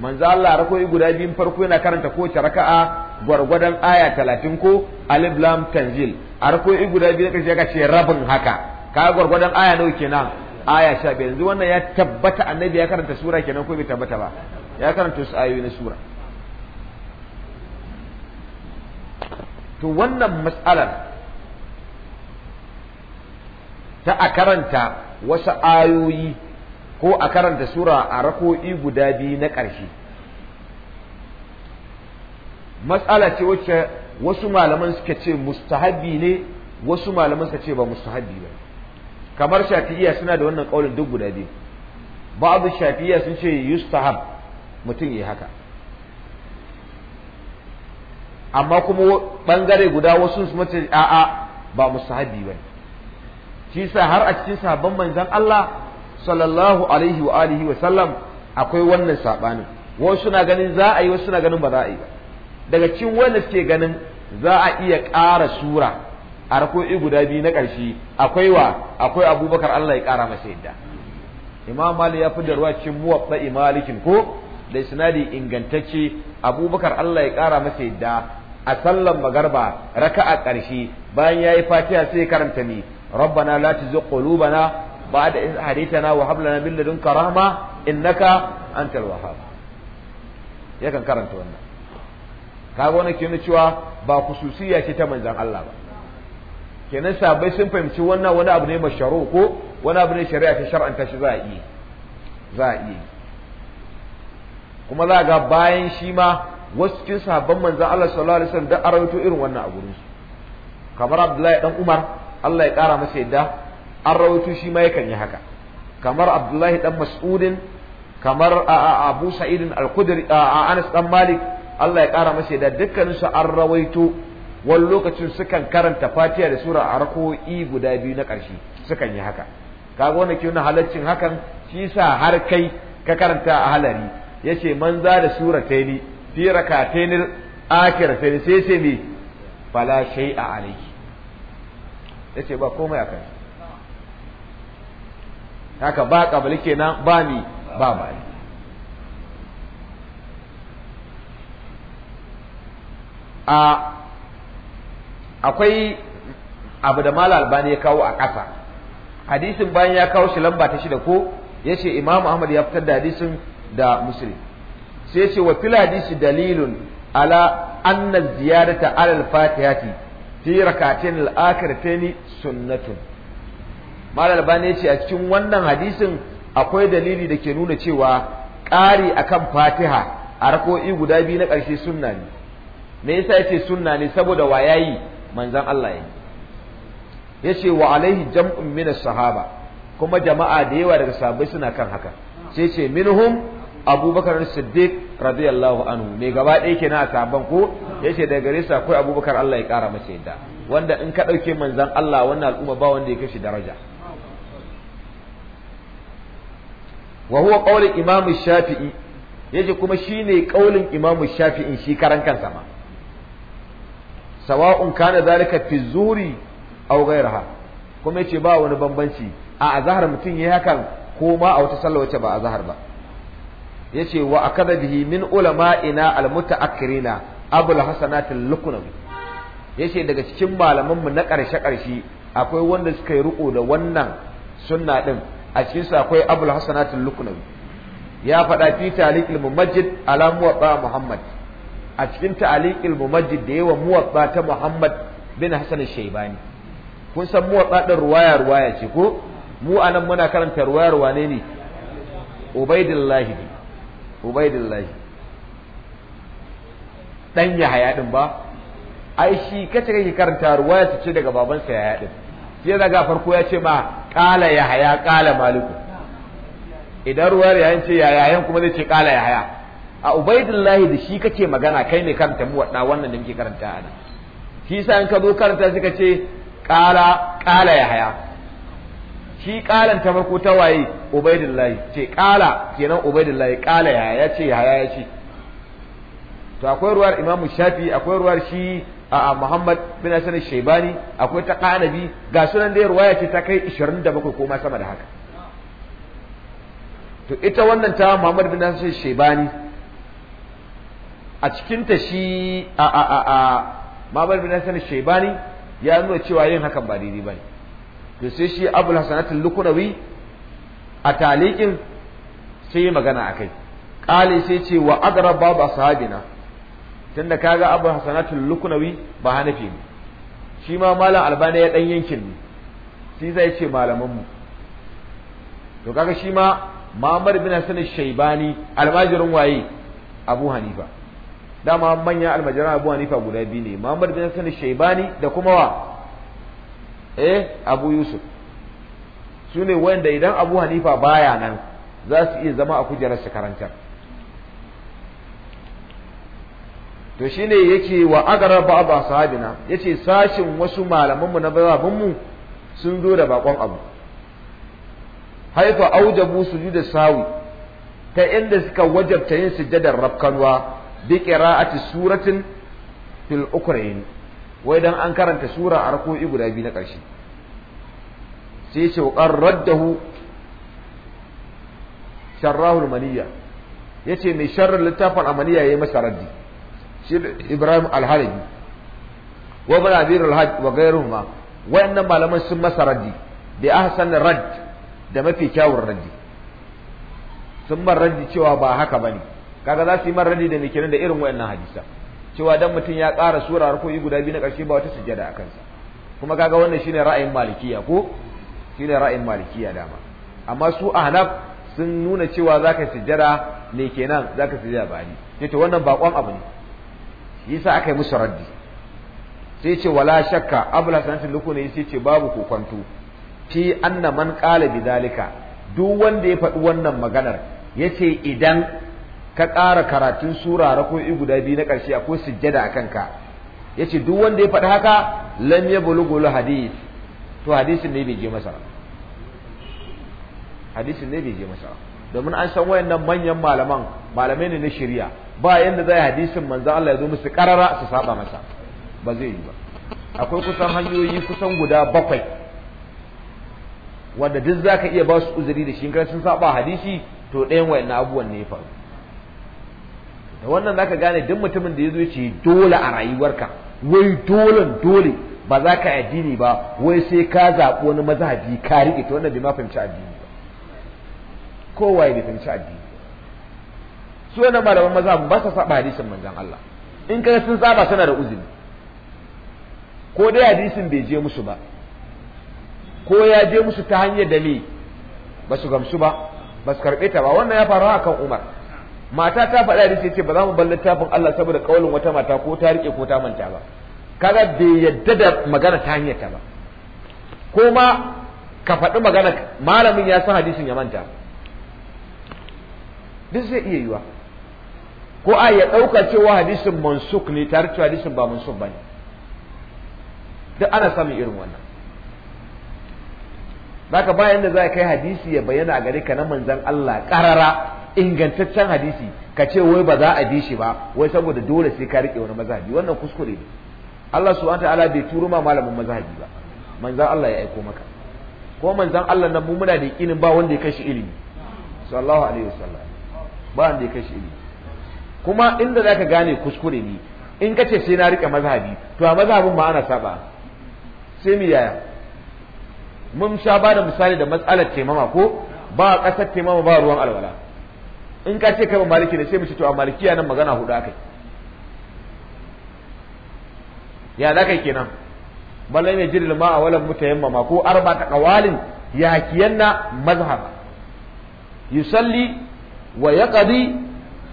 manzo Allah rakoyi guda biyun farko yana karanta ko raka'a gwargwadon aya talatin ko alif lam tanzil a rakoyi guda biyu na karshe ka ce rabin haka ka gwargwadon aya nawa kenan aya sha biyar yanzu wannan ya tabbata annabi ya karanta sura kenan ko bai tabbata ba ya karanta su ayoyi na sura to wannan matsalar ta a karanta wasu ayoyi ko a karanta sura a rako'i guda biyu na ƙarshe matsala ce wacce wasu malaman suka ce mustahabi ne wasu malaman suka ce ba mustahabi ba kamar shafi'iyya suna da wannan ƙaunin duk guda biyu ba'adu shafi'iyya sun ce yustahab mutum yi haka amma kuma bangare guda wasu su mace a'a ba mustahabi ba ne shi sa har a cikin sabon manzon Allah sallallahu alaihi wa alihi wa sallam akwai wannan sabanin wasu suna ganin za a yi wasu suna ganin ba za a yi ba daga cikin wanda suke ganin za a iya ƙara sura a rako'i guda biyu na ƙarshe akwai wa akwai abubakar Allah ya ƙara masa yadda imam mali ya fi da ruwa cikin muwaɗa malikin ko da sinadi ingantacce abubakar Allah ya ƙara masa yadda a sallan magarba raka'a ƙarshe bayan ya yi fatiha sai karanta ne rabbana bana tuzigh qulubana ba'da idh hadaytana wa hab lana min ladunka rahma innaka antal wahhab yakan karanta wannan kaga wannan ke cewa ba kususiya ce ta manzon Allah ba kenan sabai sun fahimci wannan wani abu ne masharo ko wani abu ne shari'a ta shar'anta shi za iya za a iya kuma za ga bayan shi ma wasu cikin sahabban manzan Allah sallallahu alaihi wasallam da arawato irin wannan a gurin kamar Abdullahi dan Umar Allah ya ƙara masa yadda an rawaito shi ma yakan yi haka kamar Abdullahi dan Mas'udin kamar Abu Sa'idin al a Anas dan Malik Allah ya ƙara masa yadda dukkanin su an rawaito wani lokacin sukan karanta Fatiha da sura arkoi guda biyu na ƙarshe sukan yi haka kaga wannan ke wani halaccin hakan shi sa har kai ka karanta a halari yace man za da sura surataini fi akira akhirataini sai sai me fala a alayhi ya ce ba komai a kai haka ba kabali kenan ba ni ba ba a akwai abu da mala albani ya kawo a ƙasa hadisin bayan ya kawo shi lamba ta shida ko ya ce imamu ahmad ya fitar da hadisin da musulun sai ce wa fil hadisi dalilun ala anna ziyarata alal fatihati fi rakatin al'akar feni sunnatun malal bane ce a cikin wannan hadisin akwai dalili da ke nuna cewa ƙari akan fatiha a rako'i guda biyu na ƙarshe sunna ne me yasa yace sunna ne saboda wa yayi manzon Allah yayi yace wa alaihi jam'un min sahaba kuma jama'a da yawa daga sahabbai suna kan haka sai ce minhum abubakar siddiq radiyallahu anhu me gaba ɗaya ke a sabon ko yace da gare sa akwai abubakar Allah ya kara masa yadda wanda in ka ɗauke manzan Allah wannan al'umma ba wanda ya kashi daraja wa huwa qawli imam shafi'i yace kuma shine qaulin imam shafi'i shi karan kansa ma sawa'un kana zalika fi zuri aw ghayraha kuma yace ba wani bambanci a azhar mutum yayi hakan ko ma a wata sallah wacce ba azhar ba yace wa akada bihi min ulama'ina almutaakkirina abul hasanat al-lukunawi yace daga cikin malaman mu na karshe karshe akwai wanda suka yi riko da wannan sunna din a cikin su akwai abul hasanat al-lukunawi ya faɗa fi taliqil mumajjid ala muwatta muhammad a cikin taliqil mumajjid da yawa muwatta ta muhammad bin hasan shaybani kun san muwatta da ruwaya ruwaya ce ko mu anan muna karanta ruwaya ruwane ne ubaidillahi ne ubaidillahi dan yahaya din ba ai shi kace kake karanta ruwaya ta ce daga babansa haya din sai daga farko ya ce ma qala yahaya qala maliku idan ruwayar yin ce yayayan kuma zai ce qala yahaya a ubaidullahi da shi kace magana kai ne karanta mu wadda wannan da muke karanta ana shi yasa in ka zo karanta suka ce qala qala yahaya shi ƙalan ta farko ta waye ubaidillahi ce ƙala kenan ubaidillahi ƙala ya ya ce ya ya ce to akwai ruwar imamu shafi akwai ruwar shi a muhammad bin hasan shaibani akwai ta ƙanabi ga sunan dai ruwaya ce ta kai 27 ko ma sama da haka to ita wannan ta muhammad bin hasan shaibani a cikin ta shi a a a muhammad bin hasan shaibani ya nuna cewa yin hakan ba daidai bane to sai shi abul hasanatul lukunawi a talikin sai yi magana a kai ƙali sai ce wa adara babu ashabina tunda kaga abu hasanatul lukunawi ba hanafi ne shi ma malam albani ya dan yankin ne shi zai ce malaman mu to kaga shi ma Muhammad bin Hassan Shaibani almajirin waye Abu Hanifa dama manyan almajiran Abu Hanifa guda biyu ne mamar bin Hassan Shaibani da kuma wa eh abu yusuf su ne wanda idan abu hanifa baya nan za su iya zama a kujerar karantar to shine yake wa agara ba'da sahabina yace sashin wasu malamanmu na babunmu sun zo da bakon abu haifa aujabu sujudu sawi ta inda suka wajabta yin sujjadar rabkanwa bi qira'ati suratin fil ukrain wai dan an karanta sura a rako'i guda biyu na ƙarshe sai ce wa qarraddahu sharrahul ya yace mai sharrar littafin amaniya yayi masa raddi shi Ibrahim al-Halabi wa ibn Abir al-Hajj wa ghayruhuma wayannan malaman sun masa raddi bi ahsan radd da mafi kyawun raddi sun bar raddi cewa ba haka bane kaga za su yi man raddi da mikirin da irin wayannan hadisa cewa dan mutum ya ƙara sura ko yi guda biyu na ƙarshe ba wata sujjada a kansa kuma kaga wannan shine ra'ayin malikiya ko shine ra'ayin malikiya dama amma su ahnaf sun nuna cewa zaka sujjada ne kenan zaka sujjada bani yace wannan bakon abu ne yasa aka yi musu raddi sai ce wala shakka abul hasan tiluku ne sai ce babu kokonto fi anna man qala bidalika duk wanda ya faɗi wannan maganar yace idan ka ƙara karatun sura i guda biyu na ƙarshe akwai sujjada a kanka ya ce duk wanda ya faɗi haka lam ya bulugulu hadis to hadisin ne bai je masa hadisin ne bai je masa domin an san wayannan manyan malaman malamai ne na shari'a ba yanda zai hadisin manzon Allah ya zo musu karara su saba masa ba zai yi ba akwai kusan hanyoyi kusan guda bakwai wanda duk zaka iya ba su uzuri da shi in sun saba hadisi to ɗayan wayannan abubuwan ne ya faru da wannan zaka gane duk mutumin da ya zo ce dole a rayuwarka wai dole dole ba za ka addini ba wai sai ka zaɓi wani mazhabi ka riƙe ta wannan bai ma fahimci addini ba kowa ya fahimci addini su wannan malaman mazhabin ba sa saba hadisin manzon Allah in ka sun saba suna da uzuri ko dai hadisin bai je musu ba ko ya je musu ta hanyar da ne ba su gamsu ba ba su karɓe ta ba wannan ya faru akan Umar mata ta faɗa da ce ba za mu bar littafin Allah saboda kaulin wata mata ko ta rike ko ta manta ba kaga da yadda da magana ta hanyar ta ba ko ma ka faɗi magana malamin ya san hadisin ya manta duk zai iya yiwa ko a ya ɗauka cewa hadisin mansuk ne tare cewa hadisin ba mansuk ba ne duk ana samun irin wannan zaka bayan da za kai hadisi ya bayyana a gare ka na manzan Allah ƙarara ingantaccen hadisi ka ce wai ba za a bi shi ba wai saboda dole sai ka rike wani mazhabi wannan kuskure ne Allah subhanahu ta'ala bai turo ma malamin mazhabi ba manzon Allah ya aiko maka ko manzon Allah nan mu muna da yakinin ba wanda ya kashi ilimi sallallahu alaihi wasallam ba wanda ya kashi ilimi kuma inda zaka gane kuskure ne in kace sai na rike mazhabi to a mazhabin ma ana saba sai mu yaya mun sha ba da misali da matsalar taimama ko ba ƙasar taimama ba ruwan alwala in ka ce kai ba maliki ne sai mu ce to a malikiya nan magana hudu akai ya za kai kenan ballan ya jiril ma a walan mutayammama ko arba ta qawalin yakiyanna mazhab yusalli wa yaqdi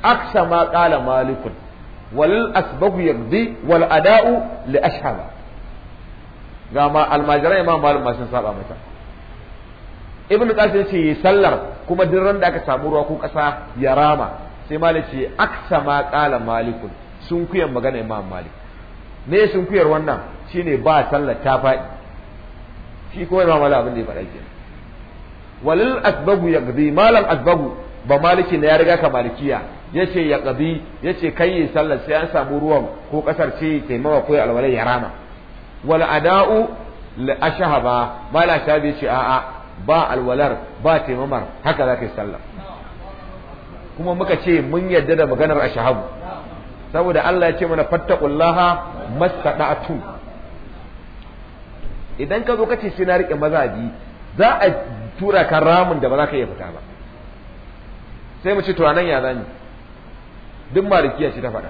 aksa ma kala malikun wal asbahu yaqdi wal ada'u li ashhaba ga ma almajirai ma malum sun saba mata ibnu qasim ce yi sallar kuma duk ran da aka samu ruwa ko kasa ya rama sai malik ce aksa ma qala malikun sun kuyar magana imam malik me sun kuyar wannan shine ba sallar ta faɗi shi kuma imam malik abin da ya faɗa ke walil asbabu yaqdi malam asbabu ba maliki ne ya riga ka malikiya yace ya qadi yace kai yi sallar sai an samu ruwan ko kasar ce taimawa ko alwala ya rama wal ada'u la ashhaba mala shabi ce a'a ba alwalar ba taimamar haka za ka yi sallah kuma muka ce mun yadda da maganar a shahabu saboda Allah ya ce mana fattaqullaha mastada'tu idan ka zo ka ce sai na rike mazaji za a tura ka ramin da ba za ka iya fita ba sai mu ce to anan ya zani duk malikiya ce ta faɗa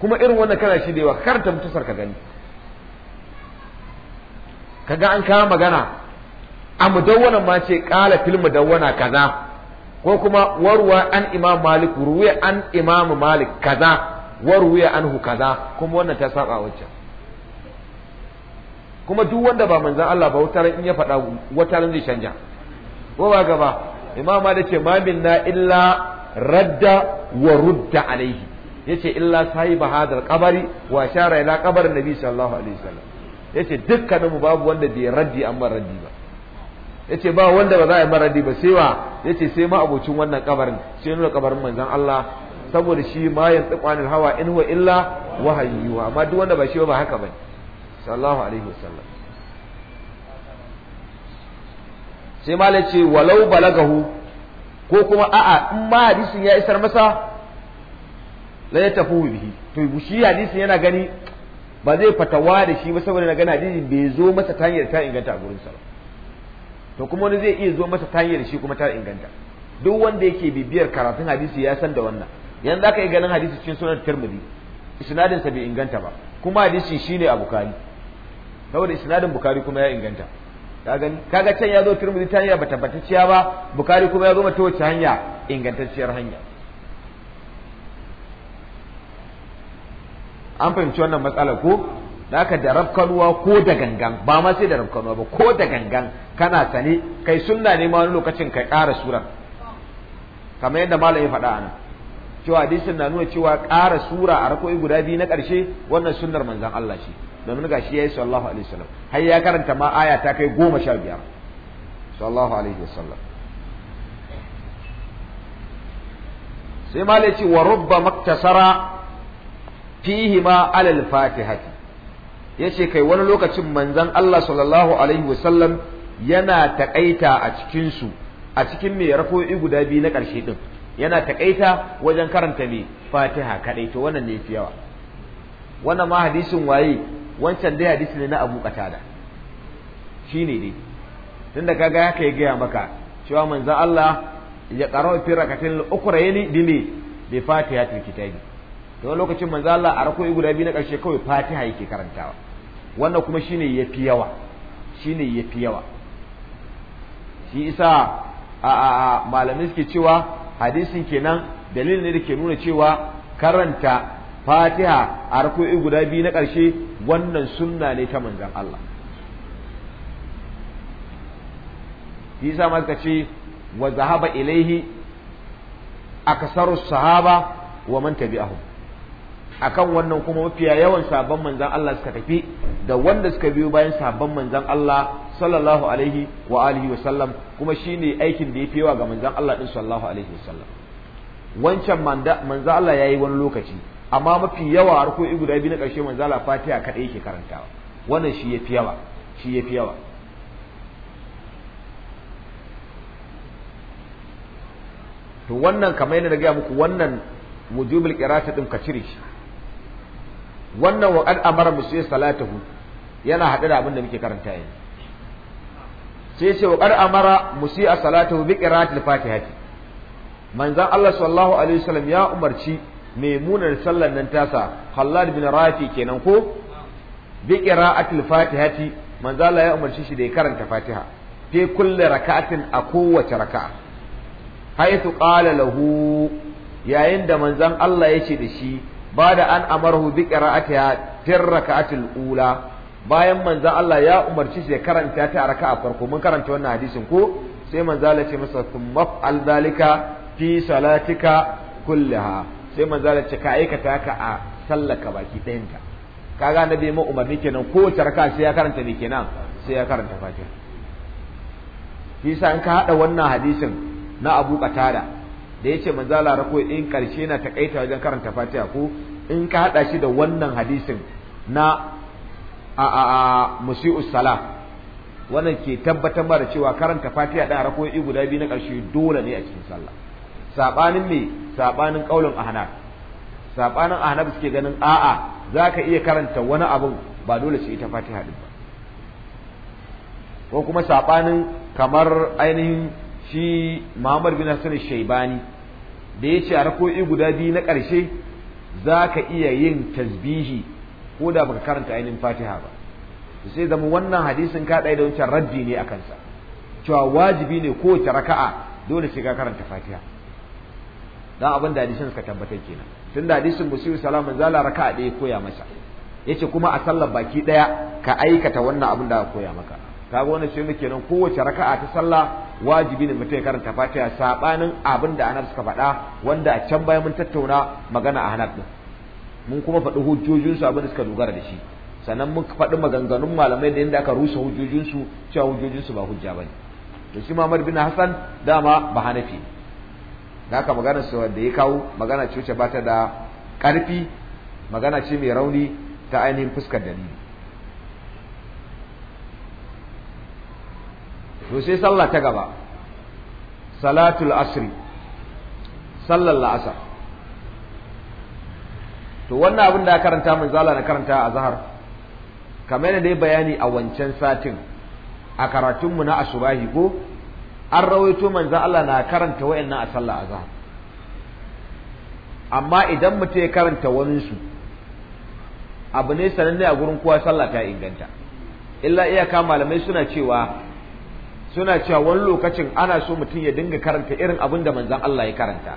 kuma irin wannan kana shi da yawa kar ta mutusar ka gani kaga an kawo magana a mudawwana ma ce qala fil mudawwana kaza ko kuma warwa an imam malik ruwiya an imam malik kaza warwiya anhu kaza kuma wannan ta saba wancan kuma duk wanda ba manzan Allah ba wataran in ya faɗa wataran zai canja ko ba gaba imam da ce ma minna illa radda wa rudda alaihi yace illa sahiba hadal qabari wa shara ila qabarin nabi sallallahu alaihi wasallam yace dukkanin mu babu wanda bai raddi amma raddi ba yace ba wanda ba za a yi maradi ba sai wa yace sai ma abocin wannan kabarin sai nuna kabarin manzon Allah saboda shi ma tsakanin hawa in huwa illa wahayyu amma duk wanda ba shi ba haka bane sallallahu alaihi wasallam sai ma ce walau balagahu ko kuma a'a in ma hadisin ya isar masa la ya tafu bihi to shi hadisin yana gani ba zai fatawa da shi ba saboda na gani hadisin bai zo masa ta hanyar ta inganta a gurin sa ba to kuma wani zai iya zo masa ta hanyar shi kuma ta inganta duk wanda yake bibiyar karatun hadisi ya san da wannan yanzu aka yi ganin hadisi cikin sunan tirmidhi isnadin sa bai inganta ba kuma hadisi shine a bukari saboda isnadin bukari kuma ya inganta ka gani kaga can ya zo tirmidhi ta hanyar ba tabbatacciya ba bukari kuma ya zo mata wace hanya ingantacciyar hanya an fahimci wannan matsala ko da aka da rafkanuwa ko da gangan ba ma sai da rafkanuwa ba ko da gangan kana sane kai sunna ne ma wani lokacin kai ƙara sura kamar yadda malam ya faɗa anan cewa hadisin na nuna cewa ƙara sura a rako'i guda biyu na ƙarshe wannan sunnar manzon Allah shi domin ga shi yayi sallallahu alaihi wasallam har ya karanta ma aya ta kai goma sha biyar sallallahu alaihi wasallam sai malam ce wa rubba maktasara fihi ma alal fatihati yace kai wani lokacin manzon Allah sallallahu alaihi wasallam yana taƙaita a cikinsu a cikin mai rako'i guda biyu na ƙarshe ɗin yana taƙaita wajen karanta ne fatiha kaɗai to wannan ne fi yawa wannan ma hadisin waye wancan dai hadisi ne na abu qatada shi ne dai tunda kaga haka ya gaya maka cewa manzon Allah ya ƙaro fi rakatin ukurayni dime bi ta kitabi to lokacin manzon Allah a rako'i guda biyu na ƙarshe kawai fatiha yake karantawa wannan kuma shine yafi yawa shine yafi yawa shi isa a malamin malamai suke cewa hadisin kenan dalilin ne da ke nuna cewa karanta fatiha a rako'i guda biyu na ƙarshe wannan sunna ne ta manzan Allah shi isa ma ce wa zahaba ilaihi akasaru sahaba wa man tabi'ahum akan wannan kuma mafiya yawan sabon manzan Allah suka tafi da wanda suka biyo bayan sahabban manzon Allah sallallahu alaihi wa alihi sallam kuma shine aikin da ya fi yawa ga manzon Allah din sallallahu alaihi sallam wancan manzon Allah yayi wani lokaci amma mafi yawa harkoki guda biyu na ƙarshe manzon Allah Fatiha kadai yake karantawa wannan shi yafi yawa shi yafi yawa to wannan kamar yadda na gaya muku wannan wujubul qira'ati din ka cire shi wannan wa qad amara musu salatuhu yana haɗe da abin da muke karanta yanzu sai ce wa amara musi a salatu bi qira'atil fatihati manzon Allah sallallahu alaihi wasallam ya umarci mai munar sallar nan tasa Hallad bin Rafi kenan ko bi qira'atil fatihati manzon Allah ya umarci shi da ya karanta Fatiha fi kulli raka'atin a kowace raka'a haythu qala lahu yayin da manzon Allah ya ce da shi ba da an amarhu bi qira'atiha tir ula bayan manzo Allah ya umarci shi ya karanta ta raka a farko mun karanta wannan hadisin ko sai manzo Allah ce masa thumma al zalika fi salatika kullaha sai manzo Allah ce ka aikata haka a sallaka baki ɗayanta kaga annabi mu umarni kenan ko ta raka sai ya karanta ne kenan sai ya karanta fatiha shi yasa in ka hada wannan hadisin na Abu Qatada da yace Allah rako in karshe na takaita wajen karanta fatiha ko in ka hada shi da wannan hadisin na a a a musi'us sala wannan ke tabbatar da cewa karanta fatiha da yi guda biyu na ƙarshe dole ne a cikin sallah sabanin me sabanin kaulin ahnaf sabanin ahnaf suke ganin a'a zaka iya karanta wani abun ba dole sai ita fatiha din ba ko kuma sabanin kamar ainihin shi Muhammad bin Hassan Shaibani da ya ce a rakoyi guda biyu na ƙarshe zaka iya yin tasbihi ko da baka karanta ainihin fatiha ba sai zama wannan hadisin ka da wancan raddi ne a kansa cewa wajibi ne kowace raka'a dole sai ka karanta fatiha dan abin da hadisin suka tabbatar kenan tun da hadisin musu salamun zala raka'a ɗaya koya masa yace kuma a sallar baki ɗaya ka aikata wannan abin da aka koya maka kaga wannan sai muke nan kowace raka'a ta sallah wajibi ne mutum ya karanta fatiha sabanin abin da anar suka faɗa wanda a can bayan mun tattauna magana a hana din mun kuma faɗi hujjojinsu abin da suka dogara da shi sannan mun faɗi maganganun malamai da yadda aka rusa hujjojinsu cewa hujjojinsu ba hujja ba ne. to shi mamar bin Hassan dama ba Hanafi da aka magana su da ya kawo magana ce wacce bata da ƙarfi magana ce mai rauni ta ainihin fuskar dalili to sai sallah ta gaba salatul asri sallar la'asar to wannan abin da ya karanta mai zala na karanta a zahar kamar da dai bayani a wancan satin a karatunmu na asubahi ko an rawaito manzo Allah na karanta wayannan a sallah a zahar amma idan mutum ya karanta waninsu abu ne sananne a gurin kowa sallah ta inganta illa iyaka malamai suna cewa suna cewa wani lokacin ana so mutum ya dinga karanta irin abin da manzan Allah ya karanta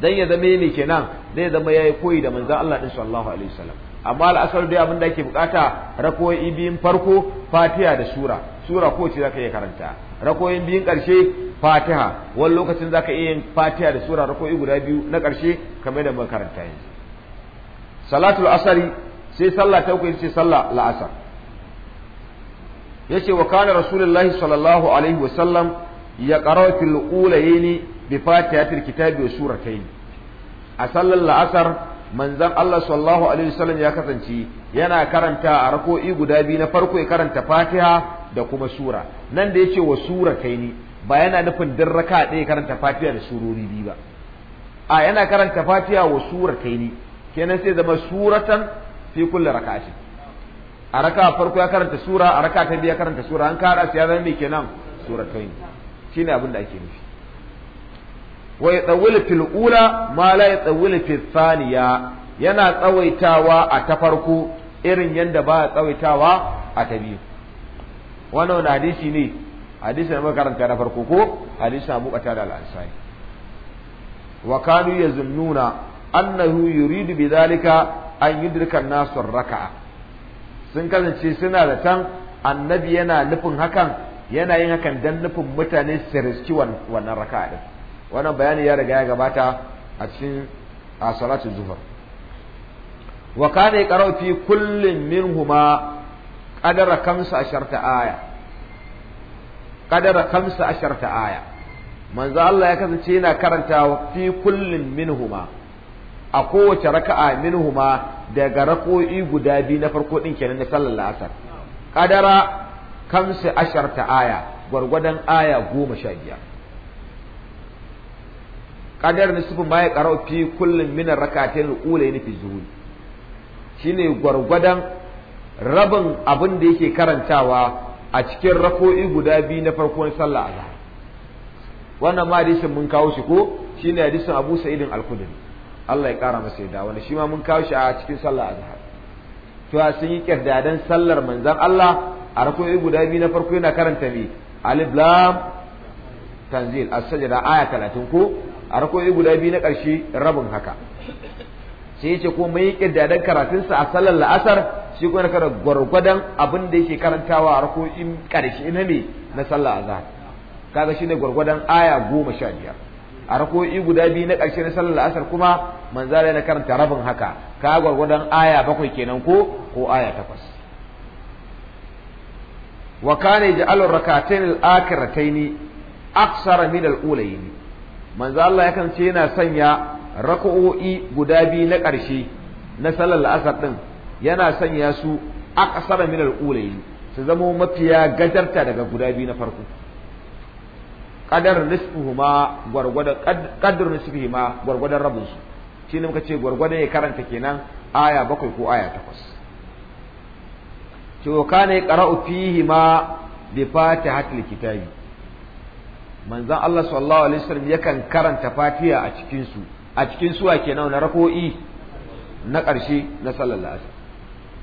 dan ya zama ne kenan zai zama yayi koyi da manzon Allah din sallallahu alaihi wasallam amma al'asar dai abin da ake bukata rakoyi biyun farko fatiha da sura sura ko ce zaka iya karanta rakoyin biyun karshe fatiha wani lokacin zaka iya yin fatiha da sura rakoyi guda biyu na karshe kamar da makaranta yanzu salatul asari sai sallah ta ce sallah la'asar yace wa kana rasulullahi sallallahu alaihi wasallam ya qara fil qulayni bi fatihatil kitabi wa suratayn a sallar la'asar manzon Allah sallallahu alaihi wasallam ya kasance yana karanta a rako'i guda biyu na farko ya karanta fatiha da kuma sura nan da yace wa suratayn ba yana nufin din raka ɗaya karanta fatiha da surori biyu ba a yana karanta fatiha wa suratayn kenan sai zama suratan fi kulli raka'atin a raka farko ya karanta sura a raka ta biyu ya karanta sura an kara sai ya zama mai kenan suratayn shine abin da ake nufi wa yatawil fil ula ma la yatawil fil thaniya yana tsawaitawa a ta farko irin yanda ba tsawaitawa a ta biyu wannan wani hadisi ne hadisi na makaranta na farko ko hadisi Abu Qatada al-Ansari wa kanu yazunnuna annahu yuridu bidhalika an yudrika an raka'a sun kasance suna da tan annabi yana nufin hakan yana yin hakan dan nufin mutane su riski wannan raka'a wannan bayani ya riga ya gabata a cikin a salatu zuhur wa kana yaqra'u fi kullin minhuma qadara kamsa asharta aya qadara kamsa asharta aya manzo Allah ya kasance yana karanta fi kullin minhuma a kowace raka'a minhuma daga rako'i guda biyu na farko din kenan na sallar asar. qadara kamsa asharta aya gwargwadon aya goma sha biyar qadar nisfu ma yaqra'u fi kullin min rakatin al-ulayn fi zuhur shine gwargwadon rabin abin da yake karantawa a cikin rako'i guda biyu na farkon sallah azhar wannan ma hadisin mun kawo shi ko shine hadisin Abu Sa'id al-Khudri Allah ya kara masa yadda wannan shi ma mun kawo shi a cikin sallah azhar to sun yi kirdadan sallar manzon Allah a rako'i guda biyu na farko yana karanta me alif lam tanzil as-sajda aya 30 ko a rakoyi guda biyu na ƙarshe rabin haka sai yace ko mai karatun karatunsa a sallar la'asar shi kuma kana gwargwadon abin da yake karantawa a rakoyin ƙarshe na ne na sallar azhar kaga shine gwargwadon aya goma sha biyar a rakoyi guda biyu na ƙarshe na sallar la'asar kuma manzala yana karanta rabin haka ka gwargwadon aya bakwai kenan ko ko aya takwas wa kana yaj'alu rakatain al-akhiratayn aksara min al ulayni manzo Allah yakan ce yana sanya raka'o'i guda biyu na ƙarshe na salal la'asar din yana sanya su aqsara min al-ulayi su zama mafiya gajarta daga guda biyu na farko qadar nisfuhuma gwargwadon qadar nisfuhuma gwargwadon rabin su ne muka ce gwargwadon ya karanta kenan aya bakwai ko aya takwas to kana ya qara'u fihi ma bi fatihatil kitabi Manzan Allah sallallahu alaihi wasallam yakan karanta fatiha a cikin su a cikin suwa kenan na rako'i na ƙarshe na sallar la'asar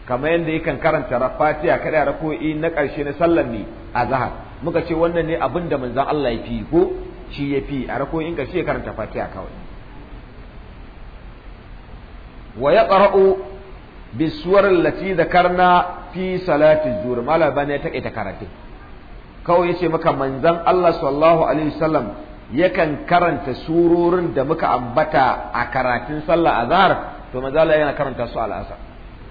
kamar yadda yakan karanta fatiha kada rako'i na ƙarshe na sallar ne a zahar muka ce wannan ne abin da manzan Allah ya fi ko shi ya fi a rako'in ƙarshe ya karanta fatiha kawai wa ya qara'u bisuwar lati dhakarna fi salati zuhr malaba ne ta karatun kawai yace maka manzon Allah sallallahu alaihi wasallam yakan karanta surorin da muka ambata a karatun sallah azhar to manzo Allah yana karanta su al'asar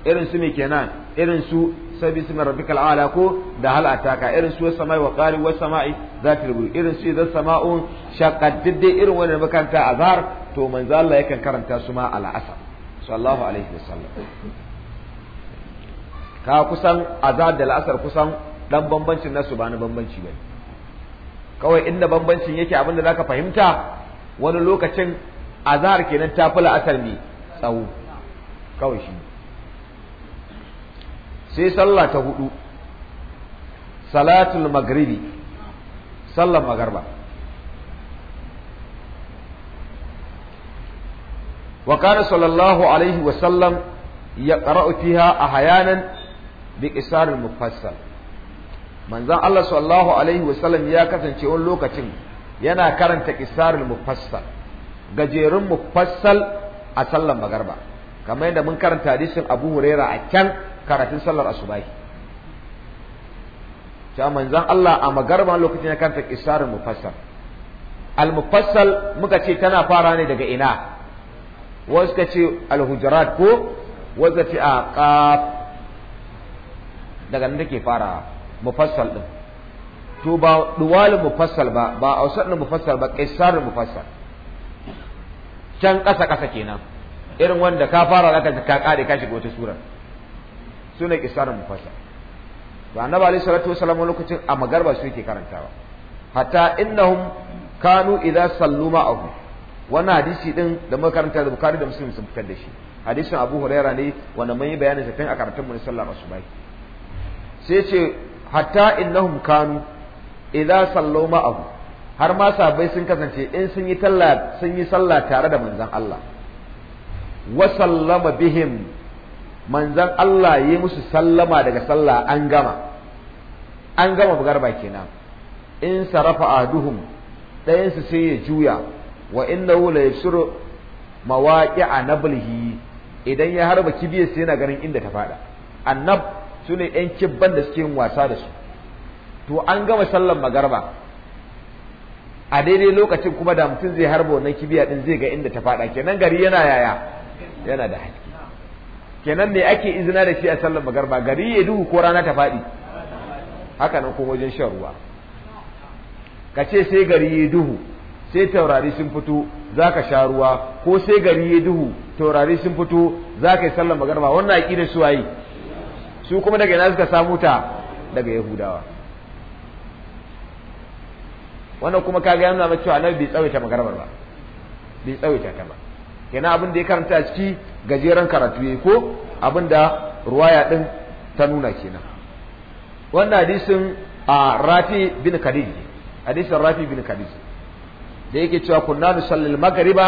irin su me kenan irin su sabi su rabbikal a'la ko da hal ataka irin su samai wa qari wa samai zatil buru irin su idan sama'un shaqqat diddai irin wannan makanta azhar to manzo Allah yakan karanta su ma al'asar sallallahu alaihi wasallam ka kusan azhar da al'asar kusan dan bambancin nasu ba na bambanci bane kawai inda bambancin yake abinda zaka fahimta wani lokacin azhar kenan ta fi la'asar ne tsawo kawai shi sai sallah ta hudu salatul maghribi sallar magarba wa kana sallallahu alaihi wa sallam ya fiha ahyanan bi isar al-mufassal manzon Allah sallallahu alaihi wasallam ya kasance wani lokacin yana karanta kisarul mufassal gajerun mufassal a sallar magarba kamar yadda mun karanta hadisin Abu Huraira a can karatun sallar asubahi ta manzon Allah a magarba lokacin ya karanta kisarul mufassal al mufassal muka ce tana fara ne daga ina wasu ka ce al hujurat ko wasu ka ce a qaf daga nan take farawa mufassal din to ba duwalin mufassal ba ba ausadin mufassal ba qisar mufassal can kasa-kasa kenan irin wanda ka fara zaka ka kare ka shiga wata sura sunan qisar mufassal to annabi alaihi salatu wasallam lokacin a magarba su yake karantawa hatta innahum kanu idza sallu ma'ahu wannan hadisi din da muka karanta da bukari da muslim sun fitar da shi hadisin abu huraira ne wanda mun yi bayanin sa tun a karatun mu na sallar asubai sai ce hatta innahum kanu idza sallu ma'ahu har ma sabai sun kasance in sun yi talla sun yi sallah tare da manzon Allah wa sallama bihim manzon Allah yi musu sallama daga sallah an gama an gama bugar bugarba kenan in sarafa aduhum ɗayan su sai ya juya wa innahu la yusru mawaqi'a nablihi idan ya harba kibiyar sai yana ganin inda ta fada annab su ne ‘yan kibban da suke yin wasa da su to an gama sallan magarba a daidai lokacin kuma da mutum zai harba wannan kibiya ɗin zai ga inda ta faɗa kenan gari yana yaya yana da haske kenan me ake izina da shi a sallan magarba gari ya duhu ko rana ta faɗi haka nan kuma wajen shan ruwa ka ce sai gari ya duhu sai taurari sun fito za ka sha ruwa ko sai gari ya duhu taurari sun fito za ka yi sallan magarba wannan aƙidar su waye su kuma daga ina suka samu ta daga yahudawa wannan kuma kaga ya nuna cewa annabi bai tsawaita magarbar ba bai tsawaita ta ba kenan abin da ya karanta a ciki gajeren karatu yayi ko abin da ruwaya din ta nuna kenan wannan hadisin a Rafi bin Khadij hadisin Rafi bin Khadij da yake cewa kunna nusallil magriba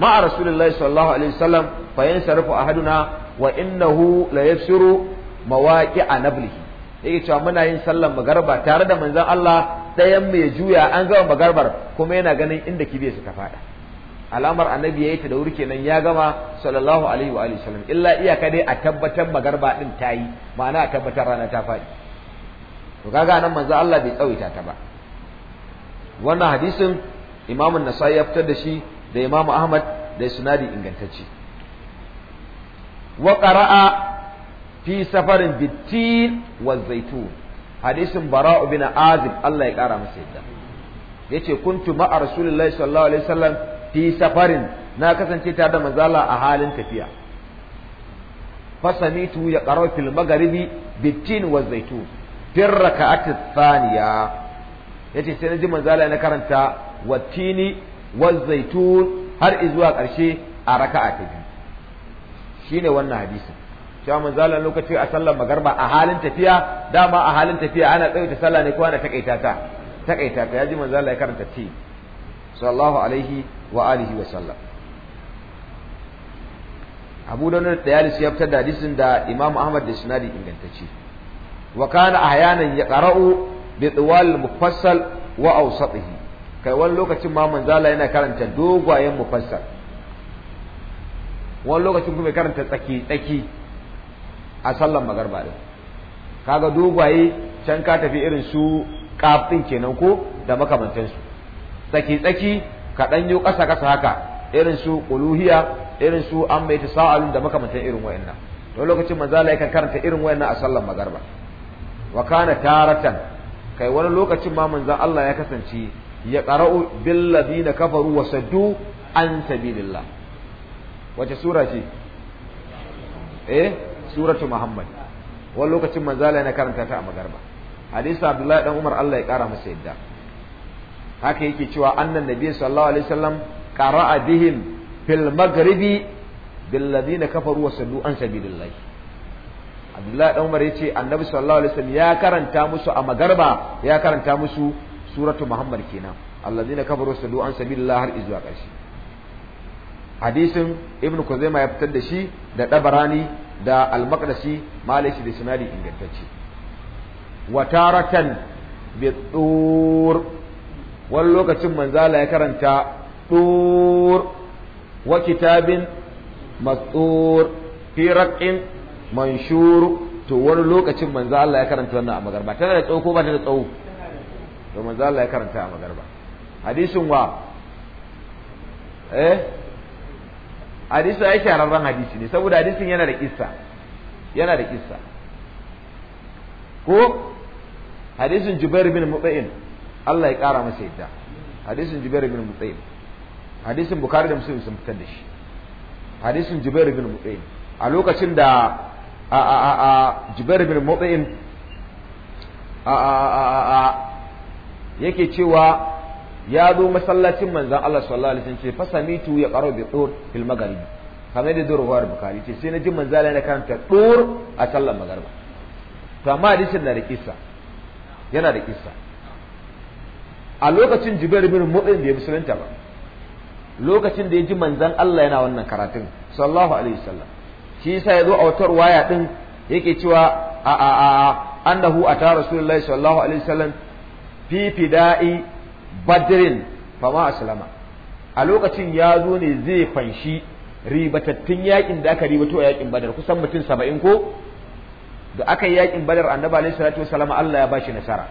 ma'a rasulullahi sallallahu alaihi wasallam fa yansarifu ahaduna wa innahu la yafsiru Mawaƙi a nablihi yake cewa muna yin sallar magarba tare da manzon Allah ɗayan mai juya an gama magarbar kuma yana ganin inda kibiya su ta faɗa. alamar annabi yi ta da wuri kenan ya gama sallallahu alaihi wa alihi sallam illa iyaka dai a tabbatar magarba din tayi ma'ana a tabbatar rana ta faɗi. to kaga nan manzon Allah bai tsawaita ta ba wannan hadisin an nasai ya fitar da shi da Imam ahmad da sunadi ingantacce wa qara'a fi safarin bittin wa zaitun hadisin bara'u bin azib Allah ya kara masa yadda yace kuntu ma'a rasulullahi sallallahu alaihi wasallam fi safarin na kasance tare da manzala a halin tafiya fasamitu ya qara fil magharibi bittin wa zaitun fil raka'ati thaniya yace sai naji manzala na karanta watini wa zaitun har izuwa karshe a raka'a ta biyu shine wannan hadisin cewa manzalan lokaci a sallar magarba a halin tafiya dama a halin tafiya ana tsawaita sallah ne ko ana takaita ta takaita ta yaji manzalan ya karanta ti sallallahu alaihi wa alihi wa sallam Abu Dawud da Tayalisi ya fitar da hadisin da Imam Ahmad da Sinadi ingantacce wa kana ahyanan yaqra'u bi tiwal mufassal wa awsatihi kai wani lokacin ma manzala yana karanta dogwayen mufassal wani lokacin kuma karanta tsaki tsaki a sallan magarba din kaga dogwaye can ka tafi irin su kafin kenan ko da makamantansu tsaki tsaki ka dan yi ƙasa ƙasa haka irin su uluhiya irin su an mai sa'alun da makamantan irin wayannan to lokacin manzo Allah yakan karanta irin wayannan a sallan magarba wa kana taratan kai wani lokacin ma manzo Allah ya kasance ya qara'u bil ladina kafaru wa saddu an sabilillah wace sura ce eh suratu muhammad wani lokacin manzala na karanta ta a magarba hadisi abdullahi dan umar Allah ya kara masa yadda haka yake cewa annan nabi sallallahu alaihi wasallam qara'a bihim fil maghribi bil ladina kafaru wa sallu an sabilillah abdullahi dan umar yace annabi sallallahu alaihi wasallam ya karanta musu a magarba ya karanta musu suratu muhammad kenan alladina kafaru wa sallu an sabilillah har izuwa ƙarshe hadisin ibnu kuzaima ya fitar da shi da dabarani da al-maqdisi malaci da sinadi ingantacce wa taratan bi tur wani lokacin manzala ya karanta tur wa kitabin mastur fi raqin manshur to wani lokacin manzo Allah ya karanta wannan a magarba tana da tsawo ko ba ta da tsawo to manzo Allah ya karanta a magarba hadisin wa eh hadisi ya shahararren hadisi ne saboda hadisin yana da kissa yana da kissa ko hadisin Jubair bin mutsa'in Allah ya kara masa yadda hadisin Jubair bin mutsa'in hadisin Bukhari da Muslim sun fitar da shi hadisin Jubair bin Mut'im a lokacin da a a a, a Jubair bin Mut'im a a, a, a yake cewa ya zo masallacin manzan Allah sallallahu alaihi wasallam ce fasamitu ya qara bi tur fil magharibi kamar da durwar bukari ce sai na ji manzan Allah karanta tur a sallar magariba to amma hadisin na da kissa yana da kissa a lokacin jibril bin Mu'in bai musulunta ba lokacin da ya ji manzan Allah yana wannan karatun sallallahu alaihi wasallam shi yasa ya zo a wutar waya din yake cewa a a a annahu ata rasulullahi sallallahu alaihi wasallam fi fida'i badrin fama aslama a lokacin ya zo ne zai fanshi ribatattun yakin da aka ribato a yakin badar kusan mutum saba'in ko da aka yi yakin badar annabi alaihi salatu wasallam Allah ya ba shi nasara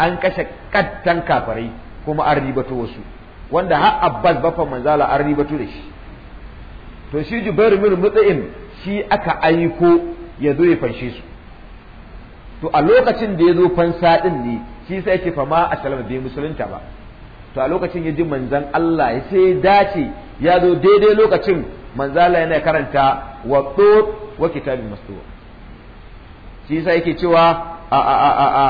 an kashe kattan kafirai kuma an ribato wasu wanda har Abbas bafa manzala an ribato da shi to shi Jubair bin Mut'im shi aka aiko ya zo ya fanshe su to a lokacin da ya zo fansa din ne shi sai ce fama a salama bai musulunta ba to a lokacin ya ji manzan Allah ya sai dace ya zo daidai lokacin manzala yana karanta wa tsot wa kitabin mastur shi sai yake cewa a a a a a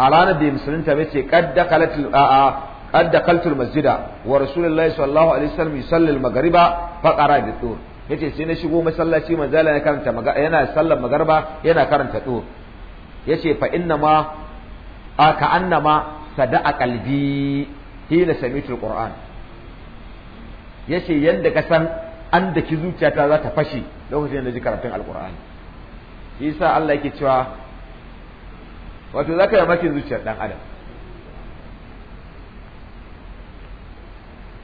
a ranar bai musulunta bai ce kadda kalatul a a kadda kaltul masjida wa rasulullahi sallallahu alaihi wasallam yusalli al-maghriba fa qara bi tsot yace sai na shigo masallaci manzala yana karanta yana sallar magariba yana karanta tsot yace fa inna ma a ka annama a kalbi hina samitul qur'an yace yanda ka san an zuciya ta za ta fashe lokacin da ji karatun alqur'ani shi yasa Allah yake cewa wato zaka yi makin zuciyar dan adam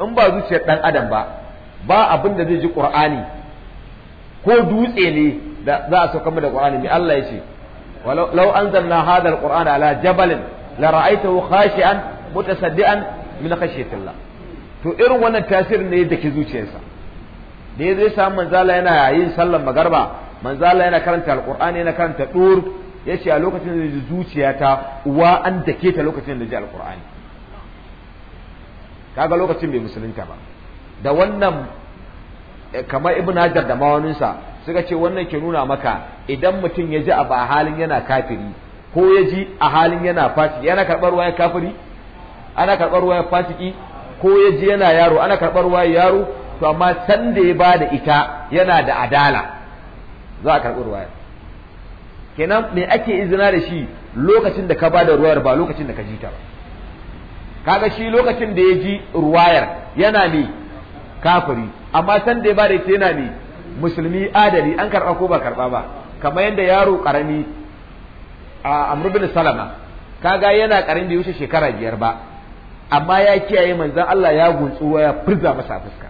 in ba zuciyar dan adam ba ba abin da zai ji qur'ani ko dutse ne da za a sauka da qur'ani mai Allah ya ce ولو أنزلنا هذا القرآن على جبل لرأيته خاشعا متصدئا من خشية الله to irin wannan tasirin ne da ke zuciyarsa da ya zai samu manzala yana yin sallar magarba manzala yana karanta alqur'ani yana karanta dur yace a lokacin da ji zuciyata uwa an dake ta lokacin da ji alqur'ani kaga lokacin bai musulunta ba da wannan kamar ibn hajar da mawaninsa suka ce wannan ke nuna maka idan mutum ya ji abu a halin yana kafiri ko ya ji a halin yana fasiki yana karɓar waya kafiri ana karɓar waya fasiki ko ya ji yana yaro ana karɓar waya yaro to amma san da ya bada ita yana da adala za a karɓi ruwayar kenan me ake izina da shi lokacin da ka bada ruwayar ba lokacin da ka ji ta ba kaga shi lokacin da ya ji ruwayar yana ne kafiri amma san da ya bada ita yana ne musulmi adali an karɓa ko ba karɓa ba kamar yadda yaro ƙarami a amr bin salama kaga yana ƙarin bai wuce shekara biyar ba amma ya kiyaye manzon Allah ya guntsuwa ya furza masa fuska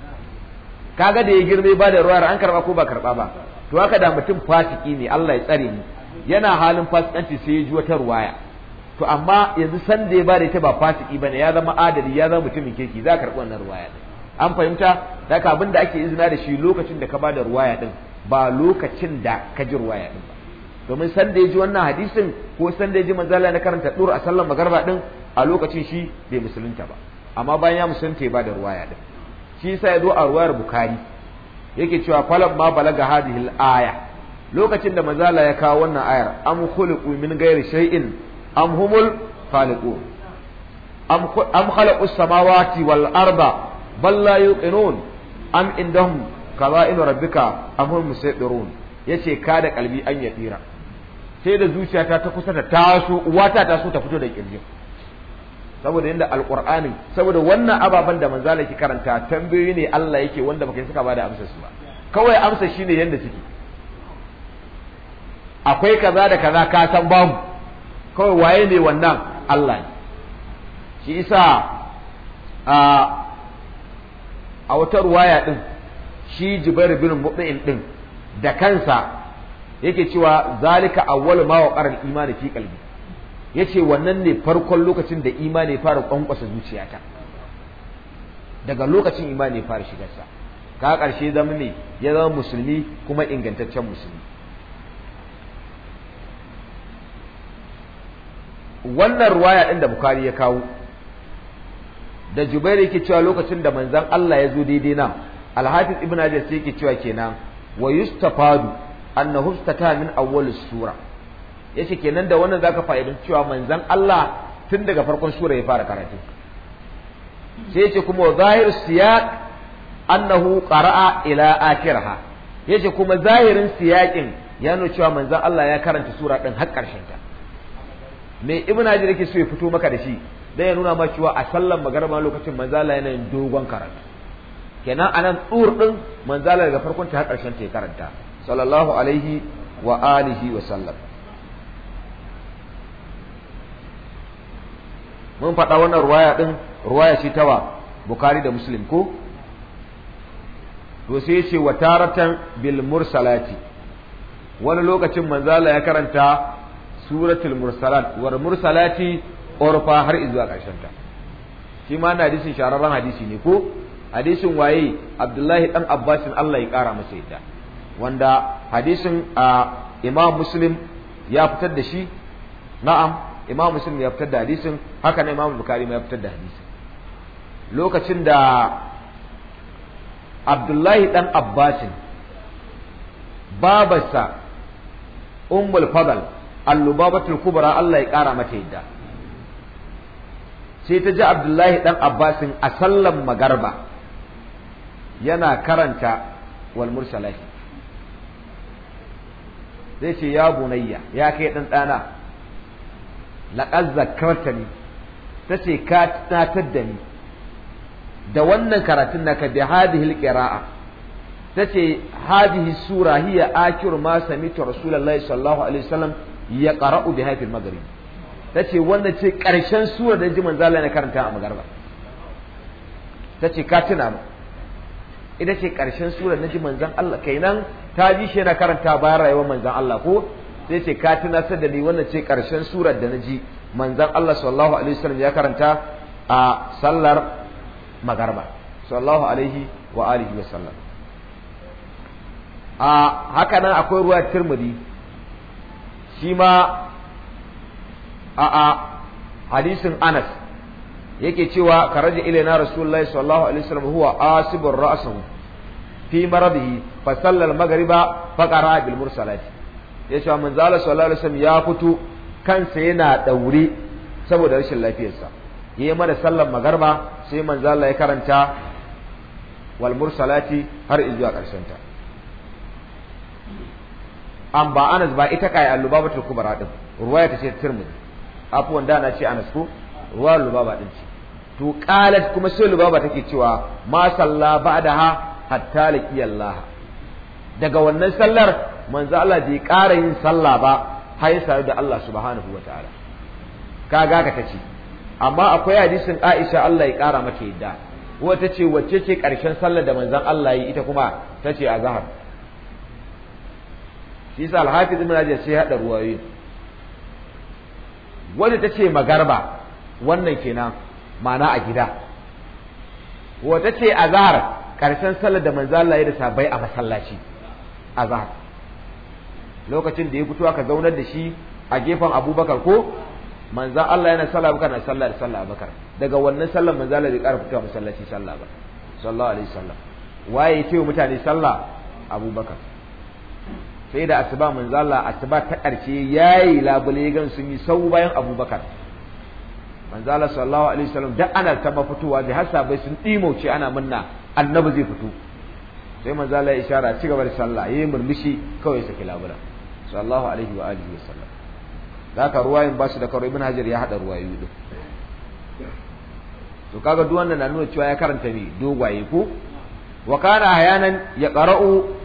kaga da ya girme ba da ruwar an karba ko ba karba ba to haka da mutum fasiki ne Allah ya tsare ni yana halin fasikanci sai ya ji wata ruwaya to amma yanzu san da ya ba da ita ba fasiki bane ya zama adali ya zama mutumin keke za ka karbi wannan ruwaya an fahimta da ka abin da ake izina da shi lokacin da ka ba da ruwaya din ba lokacin da ka ji ruwaya din ba domin san da ya ji wannan hadisin ko san da ya ji manzala na karanta dur a sallan magarba din a lokacin shi bai musulunta ba amma bayan ya musulunta ya ba da ruwaya din shi yasa ya zo a ruwayar bukari yake cewa falon ma balaga hadihil aya lokacin da manzala ya kawo wannan ayar am khuliqu min ghairi shay'in am humul khaliqu am khalaqu samawati wal arda بل لا yuqinun am عندهم qaza'in ربك am هم musaytirun yace ka da kalbi an ya tsira sai da zuciyata ta kusa ta taso uwata ta so ta fito da kirjin saboda yanda alqur'ani saboda wannan ababan da manzala ki karanta tambayoyi ne Allah yake wanda baka saka bada da amsar su ba kawai amsa shine yanda take akwai kaza da kaza ka san babu kawai waye ne wannan Allah ne shi isa a a wata ruwaya ɗin shi jibar bin mu'min ɗin da kansa yake cewa zalika awwal ma waqar al imani fi qalbi yace wannan ne farkon lokacin da imani fara kwankwasa zuciyata daga lokacin imani fara shigarsa ka karshe zama ne ya zama musulmi kuma ingantaccen musulmi wannan ruwaya din da bukari ya kawo da jubairu ke cewa lokacin da manzon Allah ya zo daidai nan alhafiz Ibn Hajar sai ke cewa kenan wa yustafadu annahu ustata min awwalis sura yace kenan da wannan zaka fa'idan cewa manzon Allah tun daga farkon sura ya fara karatu sai yace kuma zahir siyaq annahu qara'a ila akhirha yace kuma zahirin siyaqin ya nuna cewa manzon Allah ya karanta sura din har karshen ta me Ibn Hajar yake so ya fito maka da shi dan ya nuna ma cewa a sallan ma lokacin manzala yana yin dogon karatu kenan anan tsur din manzala daga farkon ta har karshen ta karanta sallallahu alaihi wa alihi wa sallam mun faɗa wannan ruwaya din ruwaya ce tawa bukari da muslim ko to sai ce wa taratan bil mursalati wani lokacin manzala ya karanta suratul mursalat war mursalati urfa har zuwa ƙarshen ta shi ma na hadisin shararren hadisi ne ko hadisin waye abdullahi dan abbasin Allah ya ƙara masa yadda wanda hadisin a imam muslim ya fitar da shi na'am imam muslim ya fitar da hadisin haka na imam bukari ma ya fitar da hadisin lokacin da abdullahi dan abbasin babarsa umul fadal allubabatul kubura kubra Allah ya ƙara mata yadda sai ta ji abdullahi dan abbasin a sallan magarba yana karanta wal zai ce ya bunayya ya kai dan dana laqad zakkartani tace ka tunatar da ni da wannan karatun naka bi hadhihi Ta tace hadihi sura hiya akhir ma sami'tu rasulullahi sallallahu alaihi wasallam yaqra'u biha fil maghrib ta ce wannan ce ƙarshen surar da ji manzala na karanta a magarba ta ce ka tuna mu ita ce ƙarshen sura na ji manzan Allah kenan ta ji shi na karanta bayan rayuwar manzan Allah ko sai ce ka tuna da ni wannan ce ƙarshen surar da na ji manzan Allah sallallahu alaihi wasallam ya karanta a sallar magarba sallallahu alaihi wa alihi wasallam a haka nan akwai ruwa tirmidhi shi ma a'a hadisin Anas yake cewa karaja ilaina rasulullahi sallallahu alaihi wasallam huwa asibur ra'sahu fi maradihi fa sallal al-maghriba fa qara bil ya cewa manzo Allah sallallahu alaihi wasallam ya fito kansa yana daure saboda rashin lafiyarsa yayi mana sallar magarba sai manzo Allah ya karanta wal mursalati har izuwa karshen ta an ba Anas ba ita kai al bata Kubra din ruwaya ta ce Tirmidhi Afu da na ce a ko ruwa lubaba din ce to qalat kuma sai lubaba take cewa ma salla ba'daha hatta laqi Allah daga wannan sallar manzo Allah bai ƙara yin sallah ba har sai da Allah subhanahu wataala kaga ka tace amma akwai hadisin Aisha Allah ya ƙara mata yadda ta ce wacce ce ƙarshen sallar da manzon Allah yi ita kuma tace azhar shi sa al-hafiz ibn Rajab sai hada ruwayoyi wani ta ce magarba wannan kenan ma'ana a gida wata ce azhar karshen sallar da manzo Allah ya da sabai a masallaci azhar lokacin da ya fito aka zaunar da shi a gefen Abubakar ko manzo Allah yana sallar Abubakar na sallar da sallah Abubakar daga wannan sallar manzo Allah bai ƙara fitowa masallaci sallar ba sallallahu alaihi wasallam waye ya ce mutane sallah Abubakar sai da asuba manzo Allah asuba ta karshe yayi labule gan sun yi sau bayan Abubakar manzo Allah sallallahu alaihi wasallam da ana ta fitowa da har sabai sun dimauce ana munna annabi zai fito sai manzo Allah ya ishara ci gaba da sallah yayi murmushi kawai saki labula sallallahu alaihi wa alihi wasallam zaka ruwayin ba su da karo ibn hajar ya hada ruwayoyi din to kaga duk wannan na nuna cewa ya karanta ne dogwaye ko wa kana hayanan ya qara'u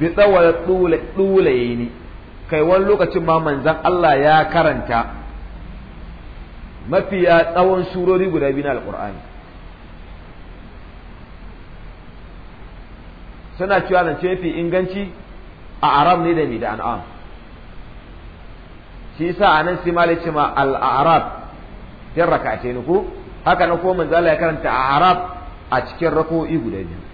bi tsawala tsulaye ne kai wani lokacin ma manzan Allah ya karanta mafiya tsawon surori guda biyu na alkur'ani suna cewa nan mafi inganci a arab ne da ni da an'am shi sa anan sai malik ce ma al-arab rakace ne ko haka na ko Allah ya karanta a arab a cikin rako'i guda biyu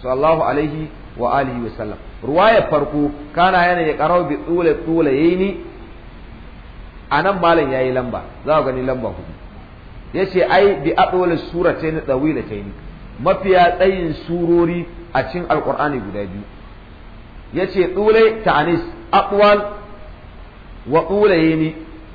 sallallahu alaihi wa alihi wa sallam ruwayar farko kana yana ya qarau bi tula anan malam yayi lamba za ku gani lamba hudu yace ai bi atwal suratayn tawilatayn mafiya tsayin surori a cikin alqur'ani guda biyu yace tule ta'anis atwal wa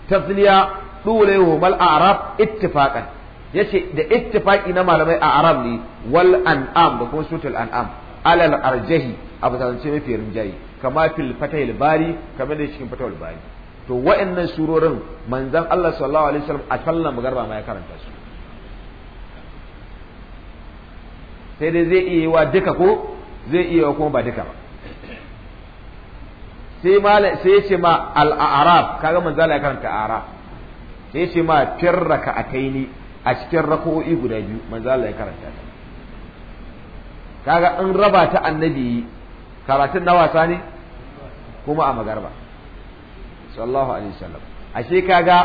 tasliya tulayhum al-a'rab ittifaqan yace da ittifaqi na malamai a arab ne wal an'am da kuma sutul an'am alal arjahi a bazance mafi rinjaye kama fil fatahil bari kama da cikin fatahil bari to wa'annan surorin manzan Allah sallallahu alaihi wasallam a sallan magarba ma ya karanta su sai dai zai iya wa duka ko zai iya wa kuma ba duka ba sai mala sai ya ce ma al Arab, kaga manzo Allah ya karanta Arab. sai ya ce ma firraka akaini a cikin rako'o'i guda biyu manzo Allah ya karanta ta kaga in raba ta annabi karatun na wasa ne kuma a magarba sallallahu alaihi wasallam ashe kaga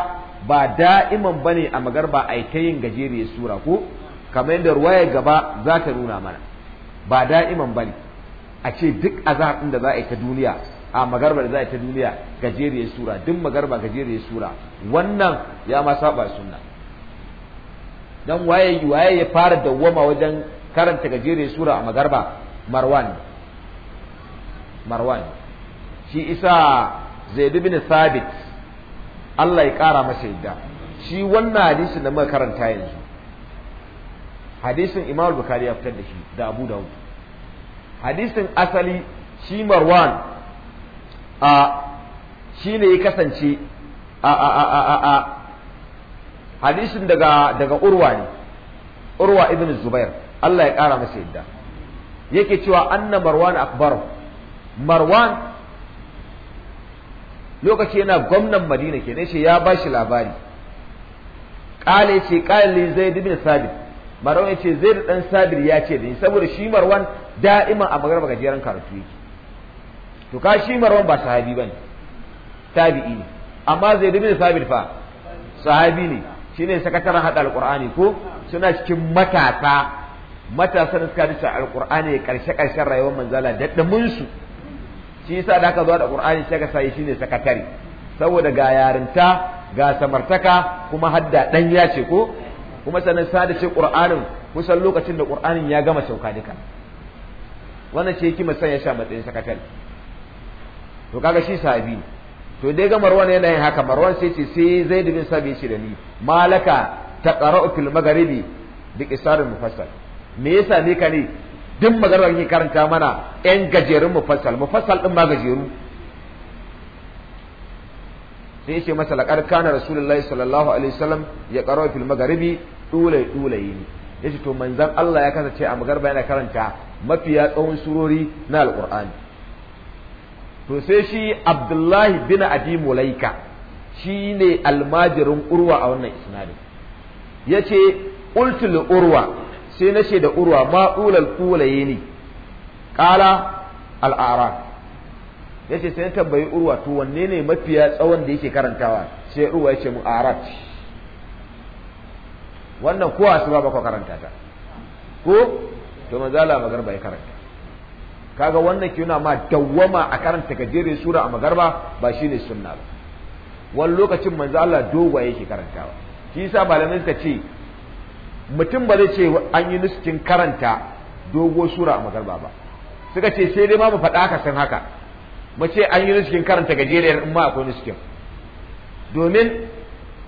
ba da'iman bane a magarba ai ta yin gajeriyar sura ko kamar yadda ruwaya gaba za ta nuna mana ba da'iman bane a ce duk azhar din da za a yi ta duniya a magarba da za a yi ta duniya gajeriyar sura duk magarba gajeriyar sura wannan ya ma saba sunna dan waye waye ya fara dawwama wajen karanta gajere sura a magarba marwan marwan shi isa zaid bin sabit Allah ya kara masa yadda shi wannan hadisin da muka karanta yanzu hadisin Imam Bukhari ya fitar da shi da Abu Dawud hadisin asali shi Marwan a shi ne ya kasance a a a a a hadisin daga daga Urwa ne Urwa ibn Zubair Allah ya ƙara masa yadda yake cewa anna marwan akbar marwan lokaci yana gwamnan madina ke ne ya ba shi labari ƙale ce ƙale zai dubin sabir marwan ya ce zai dan sabir ya ce da ni saboda shi marwan da'ima a magarba gajeren karatu yake to ka shi marwan ba sahabi bane tabi'i ne amma zai dubin sabir fa sahabi ne shine sakataren hada qur'ani ko suna cikin matasa da suka dace alqur'ani karshe karshen rayuwar manzala daddamin su shi yasa da aka zo da qur'ani sai ka sai shine sakatare saboda ga yarinta ga samartaka kuma hadda dan ya ce ko kuma sanin sada ce qur'anin kusan lokacin da qur'anin ya gama sauka duka wannan ce yake san ya sha matsayin sakatare to kaga shi sahabi to dai ga marwan yana yin haka marwan sai ce sai zaid bin sabi shi da ni malaka taqra'u fil magharibi bi qisarin mufassal me yasa ne ka ne duk magana yake karanta mana yan gajerun mufassal mufassal din ma gajeru sai ya ce masa laqad kana rasulullahi sallallahu alaihi wasallam ya qara fil magharibi dulai dulai ne yace to manzon Allah ya kasance a magarba yana karanta mafiya tsawon surori na alqur'ani to sai shi Abdullahi bin Abi Mulaika ne almajirin Urwa a wannan isnadin yace qultu Urwa sai na da urwa ma ulal kulaye ne ƙala al'ara. Ya ce sai na tambayi urwa to wanne ne mafiya tsawon da yake karantawa sai urwa ya ce mu a'raf wannan ko su ba ko karanta ta ko to manzala magarba ya karanta kaga wannan ke ma dawwama a karanta gajeren sura a magarba ba shine sunna ba wani lokacin manzo Allah dogwa yake karantawa shi yasa malamai suka ce mutum ba zai ce an yi nuskin karanta dogo sura a magarba ba suka ce sai dai ma mu faɗa ka san haka mu ce an yi nuskin karanta gajeriyar in ma akwai nuskin domin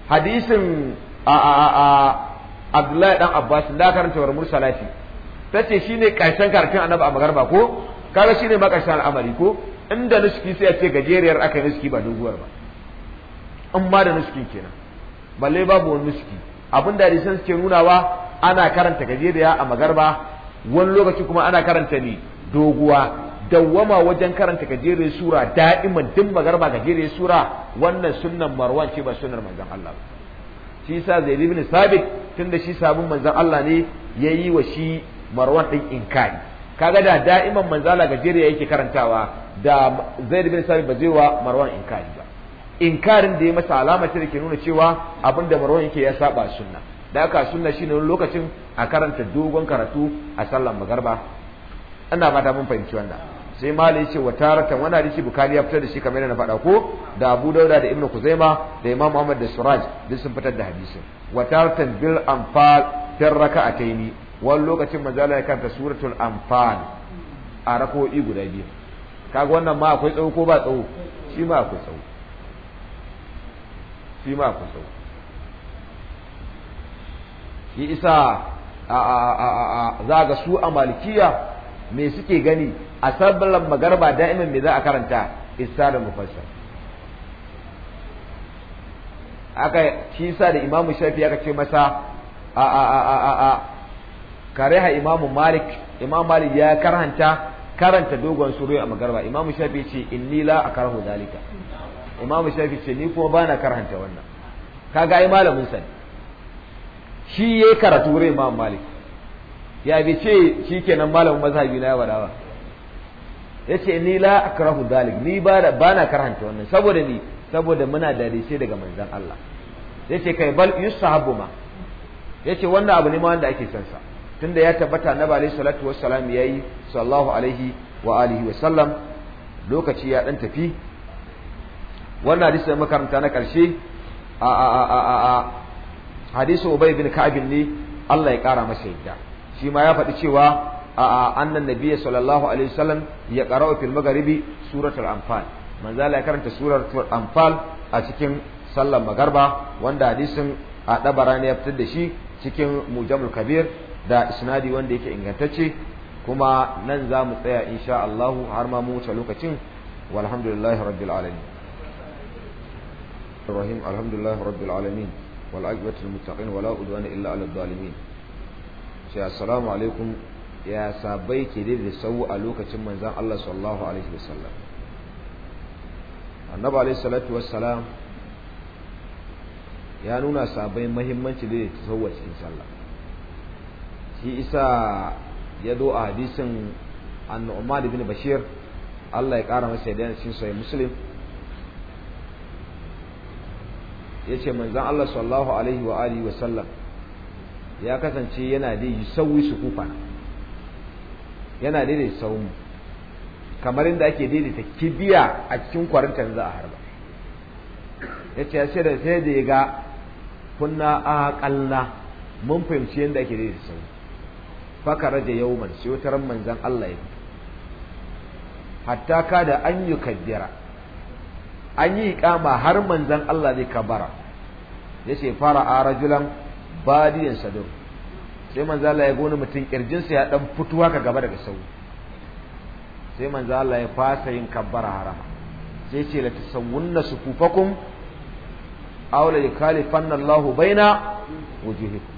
hadisin a a a Abdullahi dan Abbas da karanta war mursalati ce shine karshen ƙarshen annabi a magarba ko kaga shine ma karshen al'amari ko inda nuski sai ya ce gajeriyar aka nuski ba doguwar ba in ma da nuskin kenan balle babu wani nuski abin da risan suke nunawa ana karanta ya a magarba wani lokaci kuma ana karanta ne doguwa dawwama wajen karanta gajeriyar sura da'iman din magarba gajeriyar sura wannan sunnan marwan ce ba sunnar manzon Allah shi sa zaid ibn sabit tunda shi sabon manzon Allah ne yayi wa shi marwan din inkari kaga da da'iman manzala gajeriya yake karantawa da zaid ibn sabit ba zai wa marwan inkari ba inkarin da ya masa alama ce da ke nuna cewa abin da marwan yake ya saba sunna da aka sunna shi ne lokacin a karanta dogon karatu a sallan magarba ana fata mun fahimci wannan sai mali ce wa taratan wani hadisi bukari ya fitar da shi kamar yana faɗa ko da abu dauda da ibnu kuzaima da imam Muhammad da suraj duk sun fitar da hadisin wa taratan bil anfal tar raka'ataini wani lokacin manzo ya karanta suratul anfal a rako'i guda biyu kaga wannan ma akwai tsawo ko ba tsawo shi ma akwai tsawo shi ma kusau shi isa a za ga su a malikiya me suke gani a sabbalan magarba da'imin me za a karanta isa da mufassar aka shi isa da imamu shafi aka ce masa a a a a a kareha imamu malik imam malik ya karanta karanta dogon suru a magarba imamu shafi ce inni la akarhu dalika imamu shafi ce ni kuma bana karanta wannan kaga ai malamin sa shi yayi karatu wurin imam malik ya bi ce shi kenan malamin mazhabi na ya dawa ya yace ni la akrahu dalik ni ba na karanta wannan saboda ni saboda muna da dace daga manzon Allah yace kai bal yusahabu ma yace wannan abu ne ma wanda ake san sa tunda ya tabbata na bale salatu wassalam yayi sallallahu alaihi wa alihi wa sallam lokaci ya dan tafi wannan hadisi makaranta na ƙarshe a a a a hadisi ubay bin ka'ab ne Allah ya ƙara masa yadda shi ma ya faɗi cewa a a annan nabiyyi sallallahu alaihi wasallam ya qara'u fil magharibi suratul anfal manzo Allah ya karanta suratul anfal a cikin sallar magarba wanda hadisin a dabara ne ya fitar da shi cikin mujamul kabir da isnadi wanda yake ingantacce kuma nan za mu tsaya insha Allah har ma mu wuce lokacin walhamdulillahi rabbil alamin الرحيم الحمد لله رب العالمين والعقبة للمتقين ولا عدوان إلا على الظالمين شيء السلام عليكم يا سابي كده بسوء ألوكة من زان الله صلى الله عليه وسلم النبي عليه الصلاة والسلام ya nuna sabai mahimmanci da ta sauwa cikin sallah shi isa ya zo a hadisin annu'man ibn bashir Allah ya kara masa yadda cikin sahih muslim yace manzan Allah sallallahu alaihi wa alihi wa sallam ya kasance yana da yi sauyi su kufa yana da sauyi kamar inda ake daidaita kibiya a cikin kwarinta za a harba yace ya ce da sai da ya ga kunna kalla mun fahimci yadda ake daidaita sawu faka raja man sai wutar manzan Allah ya hatta ka da an yukaddira an yi ƙama har manzan Allah zai kabara Ya ce yace a rajulan badiyan sadur sai manzan Allah ya gona mutum ƙirjinsa ya ɗan fituwa ka gaba daga sau sai manzan Allah ya fasa yin kabara harama sai ce su kufakun aula aw kali fannan Allahu baina wujuhikum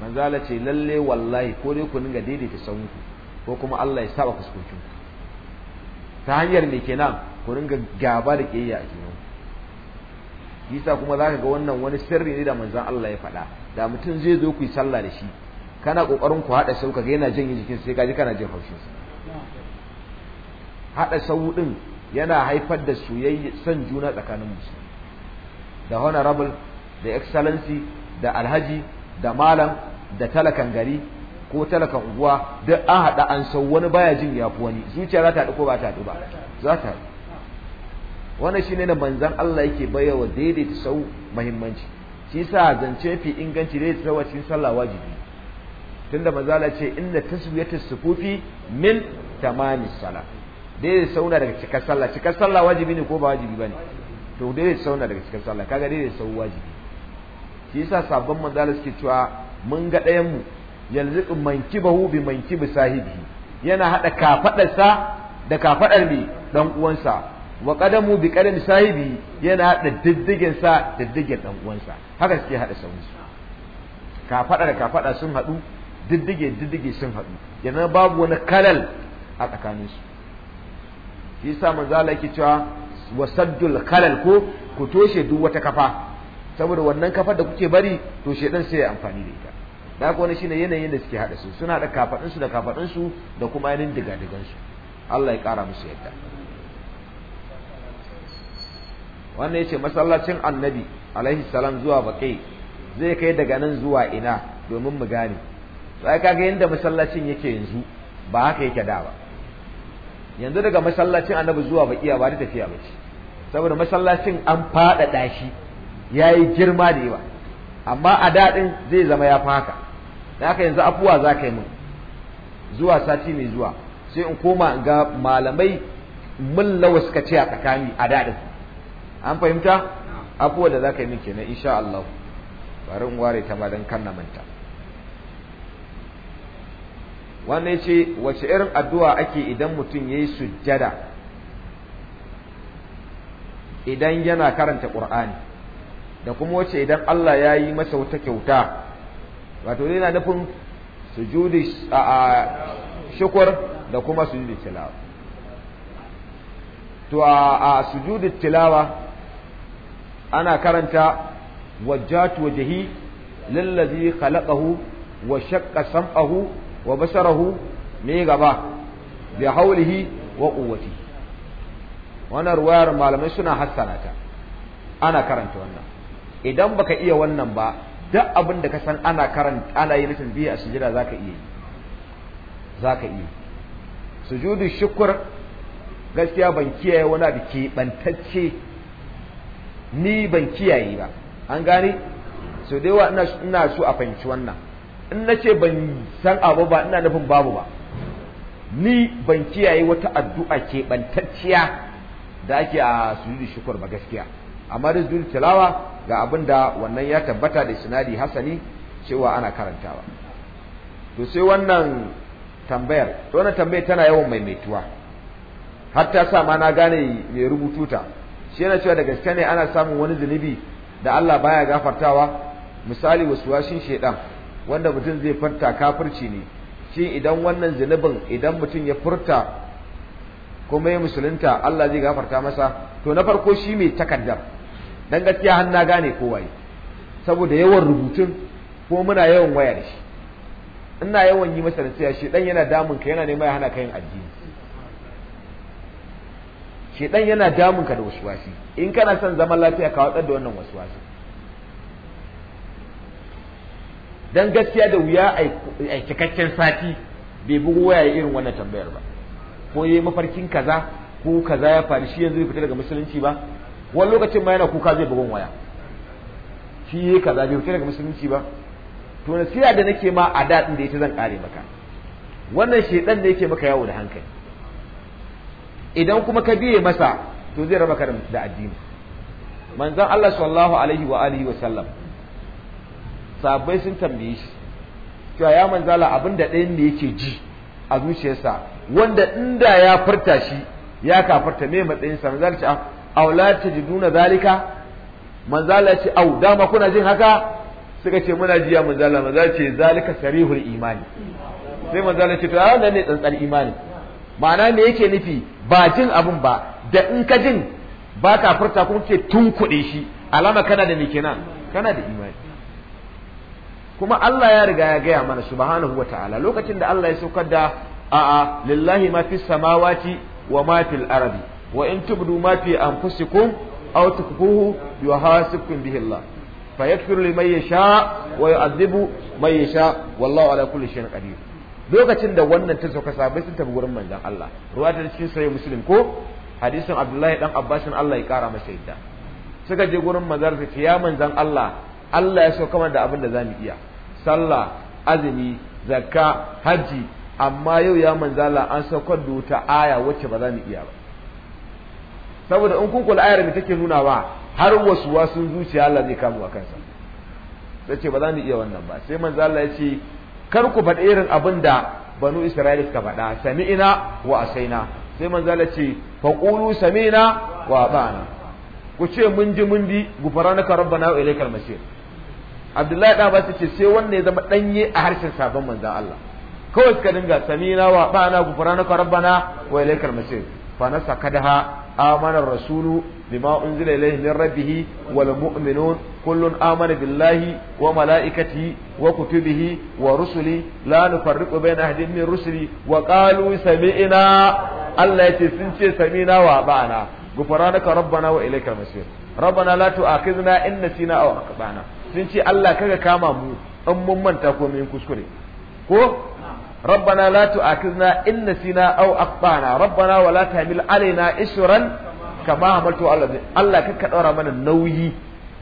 manzan Allah ce lalle wallahi ko dai ku dinga daidaita sauku ko kuma Allah ya saba kuskuncin ta hanyar mai kenan ku ringa gaba da kiyayya a junan yisa kuma zaka ga wannan wani sirri ne da manzon Allah ya faɗa da mutum zai zo ku yi sallah da shi kana kokarin ku hada sauka ga yana janye jikin sai kaji kana jin haushin sa hada sau din yana haifar da soyayya san juna tsakanin musulmi da honorable da excellency da alhaji da malam da talakan gari ko talakan unguwa duk an hada an sau wani baya jin yafi wani zuciya za ta haɗu ko ba ta haɗu ba za ta haɗu wannan shine da manzon Allah yake bayawa daidaita sau muhimmanci shi yasa zance fi inganci daidaita sau a cikin sallah wajibi tunda manzo Allah ce inna taswiyatu sufufi min tamani Sallah daidaita sau na daga cikar sallah cikar sallah wajibi ne ko ba wajibi bane to daidaita sau na daga cikar sallah kaga daidaita sau wajibi shi yasa sabon manzo Allah suke cewa mun ga ɗayan mu yalziqu mankibahu bi mankibi sahibi yana hada kafadarsa da kafadar mai dan uwansa wa qadamu bi qadam sahibi yana hada diddigin sa diddigin dan uwansa haka suke hada sauran su ka fada da ka fada sun hadu diddige diddige sun hadu yana babu wani kalal a tsakanin su shi yasa manzo Allah yake cewa wasaddul kalal ko ku toshe duk wata kafa saboda wannan kafar da kuke bari to shedan sai ya amfani da ita da ko wani shine yanayin da suke hada su suna da kafadin su da kafadin su da kuma yanin digadigan su Allah ya kara musu yadda wannan ce masallacin annabi alaihi salam zuwa baƙi zai kai daga nan zuwa ina domin mu gane sai ga yanda masallacin yake yanzu ba haka yake da ba yanzu daga masallacin annabi zuwa baƙi ba da tafiya ba ce saboda masallacin an faɗaɗa shi ya yi girma da yawa amma a daɗin zai zama ya fi haka da haka yanzu afuwa za ka yi min zuwa sati mai zuwa sai in koma ga malamai mun lawa suka ce a tsakani a daɗin an fahimta abuwa da za yi min kenan insha Allah bari in ware ta ma don kan na manta wannan ce wace irin addu'a ake idan mutum ya yi sujjada idan yana karanta ƙur'ani da kuma wace idan Allah ya yi masa wata kyauta wato yana nufin sujudi a shukur da kuma sujudi tilawa to a sujudi tilawa ana karanta wajjatu wajhi lillazi khalaqahu wa shaqqa sam'ahu wa basarahu me gaba bi haulihi wa quwwati wannan ruwayar malamai suna hassana ta ana karanta wannan idan baka iya wannan ba duk abin da ka san ana karanta ana yi mutum biyu a za zaka iya zaka iya sujudu shukr gaskiya ban kiyaye wani abu bantacce ni ban kiyaye ba an gane so dai wa ina so a fahimci wannan in na ce ban san abu ba ina nufin babu ba ni ban kiyaye wata addu'a ke keɓantacciya da ake a sujudi shukur ba gaskiya amma da sujudi tilawa ga abin da wannan ya tabbata da sinadi hasani cewa ana karantawa to sai wannan tambayar to wannan tambayar tana yawan maimaituwa har sa ma na gane mai rubutu ta shi yana cewa da gaske ne ana samun wani zunubi da Allah baya gafartawa misali wasuwashin shedan wanda mutum zai furta kafirci ne shi idan wannan zunubin idan mutum ya furta kuma ya musulunta Allah zai gafarta masa to na farko shi mai takaddar dan gaskiya har na gane waye saboda yawan rubutun ko muna yawan wayar shi ina yawan yi masa nasiha shi dan yana damun ka yana neman ya hana ka yin addini shedan yana damun ka da waswasi in kana son zaman lafiya ka watsar da wannan waswasi dan gaskiya da wuya a cikakken sati bai bugu waya irin wannan tambayar ba ko yayi mafarkin kaza ko kaza ya faru shi yanzu bai fita daga musulunci ba wani lokacin ma yana kuka zai bugun waya shi yayi kaza bai fita daga musulunci ba to na siya da nake ma a dadin da ita zan kare maka wannan shedan da yake maka yawo da hankali idan kuma ka biye masa to zai raba ka da addini manzon Allah sallallahu alaihi wa alihi wa sallam sabai sun tambaye shi to ya manzala abin da ɗayan ne yake ji a zuciyarsa wanda inda ya furta shi ya kafarta me matsayin sa manzala ce aw ah, la tajiduna zalika manzala ce au dama kuna jin haka suka ce muna ji ya manzala manzala ce zalika sarihul imani sai manzala ce to a wannan ne tsantsar imani ma'ana me yake nufi ba jin abun ba da in ka jin ba ka furta kuma ce tun kuɗe shi alama kana da me nan, kana da imani kuma Allah ya riga ya gaya mana subhanahu wa ta'ala lokacin da Allah ya saukar da a'a lillahi ma fi samawati wa ma fil ardi wa in tubdu ma fi anfusikum aw tukfuhu yuhasibkum bihi Allah fayaghfiru liman yasha wa yu'adhibu man yasha wallahu ala kulli shay'in qadir lokacin da wannan ta sauka sabai sun tafi wurin manzon Allah ruwa ta cikin sahih muslim ko hadisin abdullahi dan abbasin Allah ya kara masa yadda suka je gurin su ce ya manzon Allah Allah ya sauka mana da abin da zamu iya sallah azumi zakka Hajji, amma yau ya manzala an sauka da wata aya wacce ba za mu iya ba saboda in kun kula ayar mai take nuna ba har wasu wasu zuciya Allah zai kama kansa sai ce ba za mu iya wannan ba sai manzala ya ce kar ku faɗi irin abin da banu isra'ila suka faɗa sami'ina wa asaina sai manzala ce qulu sami'na wa ata'na ku ce mun ji mun bi gufaranaka rabbana wa ilaikal masir abdullahi da ba ce sai wanne ya zama danye a harshen sabon manzon Allah kawai suka dinga sami'na wa ata'na gufaranaka rabbana wa ilaikal masir fa nasakadaha amana rasulu بما أنزل إليه من ربه والمؤمنون كل آمن بالله وملائكته وكتبه ورسله لا نفرق بين أحد من رسله وقالوا سمعنا الله يتسنشي سمعنا وأبعنا غفرانك ربنا وإليك المسير ربنا لا تؤاخذنا إن نسينا أو أخطأنا سنشي الله كذا كاما مو أم من تكون من كسكري هو ربنا لا تؤاخذنا إن نسينا أو أخطأنا ربنا ولا تحمل علينا إسرا kama hamaltu Allah Allah ka ɗora mana nauyi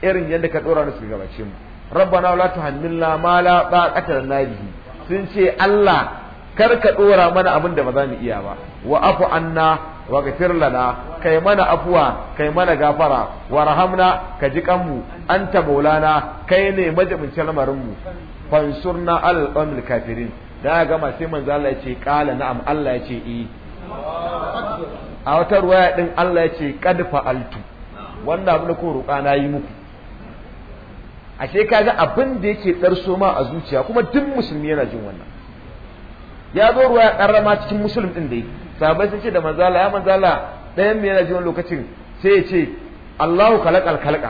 irin yadda ka ɗora nasu gabace mu rabbana la tuhammilna ma la taqata lana bihi sun ce Allah kar ka ɗora mana abin da ba za mu iya ba wa afu anna wa ghafir lana kai mana afuwa kai mana gafara wa rahamna ka ji kanmu anta maulana kai ne majibincin lamarin mu fansurna alal qawmil kafirin da gama sai manzo Allah ya ce qala na'am Allah ya ce eh a wata ruwaya din Allah ya ce kad fa'altu wanda abin da ko roƙa na yi muku ashe kaga abin da yake darso ma a zuciya kuma duk musulmi yana jin wannan ya zo ruwa ya rama cikin musulmi din yi sahabbai sun ce da manzala ya manzala ɗayan mai yana jin lokacin sai ya ce Allahu khalaqal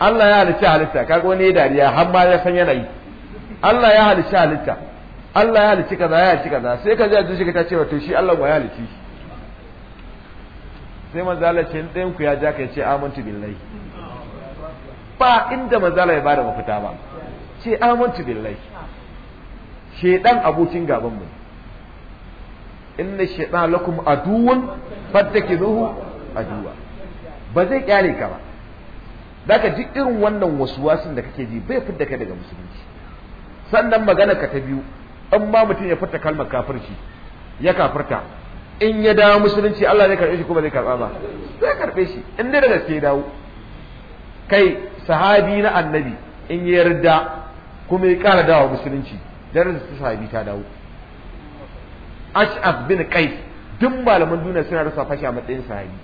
Allah ya halitta halitta kaga wani dariya har ma ya san yana yi Allah ya halicci halitta Allah ya halicci kaza ya halicci kaza sai ka ji a zuciya ta ce wato shi Allah ya halicci. shi sai manzala ce ɗayan ku ya ja ka ce amintu billahi ba inda manzala ya bada mafita ba ce amintu billahi shedan abokin gaban mu inna shaytan lakum aduwwun fattakizuhu aduwa ba zai kyale ka ba ka ji irin wannan wasuwasin da kake ji bai fidda ka daga musulunci sannan magana ka ta biyu in ma mutum ya fita kalmar kafirci ya kafirta in ya dawo musulunci Allah zai karɓe shi kuma zai karɓa ba zai karɓe shi in dai da gaske dawo kai sahabi na annabi in ya yarda kuma ya ƙara dawo musulunci darajar su sahabi ta dawo ash'ab bin qais duk malaman duniya suna rasa fashi a matsayin sahabi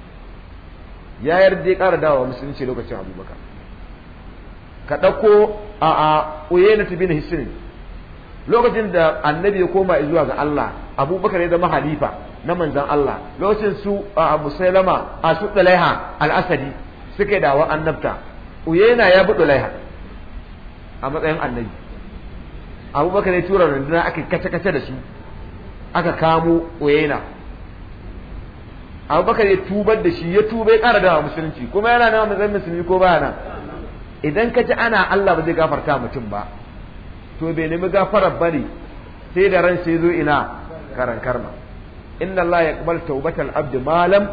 ya yarda ya ƙara dawo musulunci lokacin abubakar ka ɗauko a a uyena bin hisrin lokacin da annabi ya koma zuwa ga Allah abubakar ya zama halifa na manzan Allah lokacin su a musailama a su dalaiha al-Asadi suke dawa annabta uyena ya bi dalaiha a matsayin annabi abubakar ya tura runduna aka kace kace da su aka kamo uyena abubakar ya tubar da shi ya tuba ya ƙara wa musulunci kuma yana nan manzan musulmi ko ba nan idan ka ji ana Allah ba zai gafarta mutum ba to bai nemi gafarar bane sai da ran sai zo ina karan karma inna Allah yaqbal tawbatal abd ma lam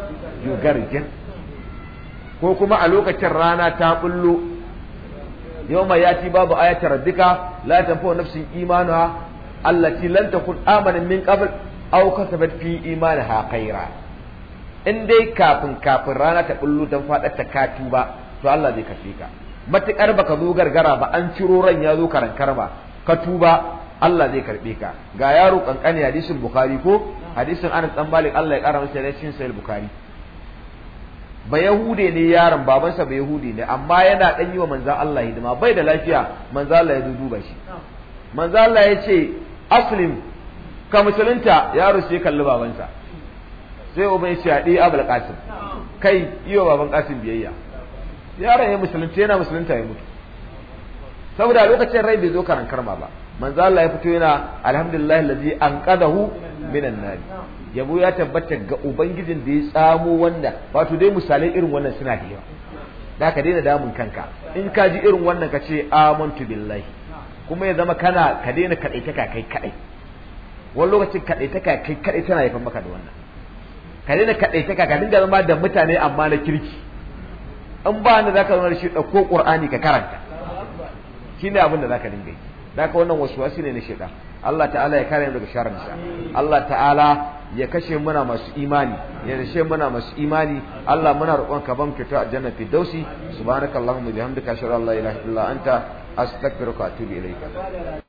ko kuma a lokacin rana ta bullo yawma yati babu ayatar rabbika la tanfa'u nafsin imanuha allati lan kun amanan min qabl aw kasabat fi imaniha khaira in dai kafin kafin rana ta bullo don fadar ta katu ba to Allah zai kafe ka matukar baka zo gargara ba an ciro ran ya zo karan karma ka tuba Allah zai karbe ka ga yaro kankani hadisin bukhari ko hadisin Anas dan Malik Allah ya kara masa da sai al Bukhari ba Yahude ne yaron babansa ba Yahude ne amma yana dan yi wa manzon Allah hidima bai da lafiya manzon Allah ya duduba shi manzon Allah ya ce aslim ka musulunta yaro sai kalli babansa sai uban shi dai Abul Qasim kai iyo baban Qasim biyayya yaron ya musulunta yana musulunta ya mutu saboda lokacin rai bai zo karankar karma ba manzo Allah ya fito yana alhamdulillah allazi anqadahu minan nar yabo ya tabbata ga ubangijin da ya tsamo wanda wato dai misalai irin wannan suna da yawa da ka daina damun kanka in ka ji irin wannan ka ce amantu billahi kuma ya zama kana ka daina kadaita ka kai kadai wani lokacin kadaita ka kai kadai tana haifar maka da wannan ka daina kadaita ka ka dinga zama da mutane amma na kirki in ba ni zaka zama da shi dauko qur'ani ka karanta shine abin da zaka dinga yi da ka wannan waswasi ne na shaitan Allah ta'ala ya kare mu daga sharrin sa Allah ta'ala ya kashe muna masu imani ya kashe muna masu imani Allah muna roƙon ka bamu fito aljanna fi dausi subhanakallahumma bihamdika ashhadu an la ilaha illa anta astaghfiruka wa atubu ilaika.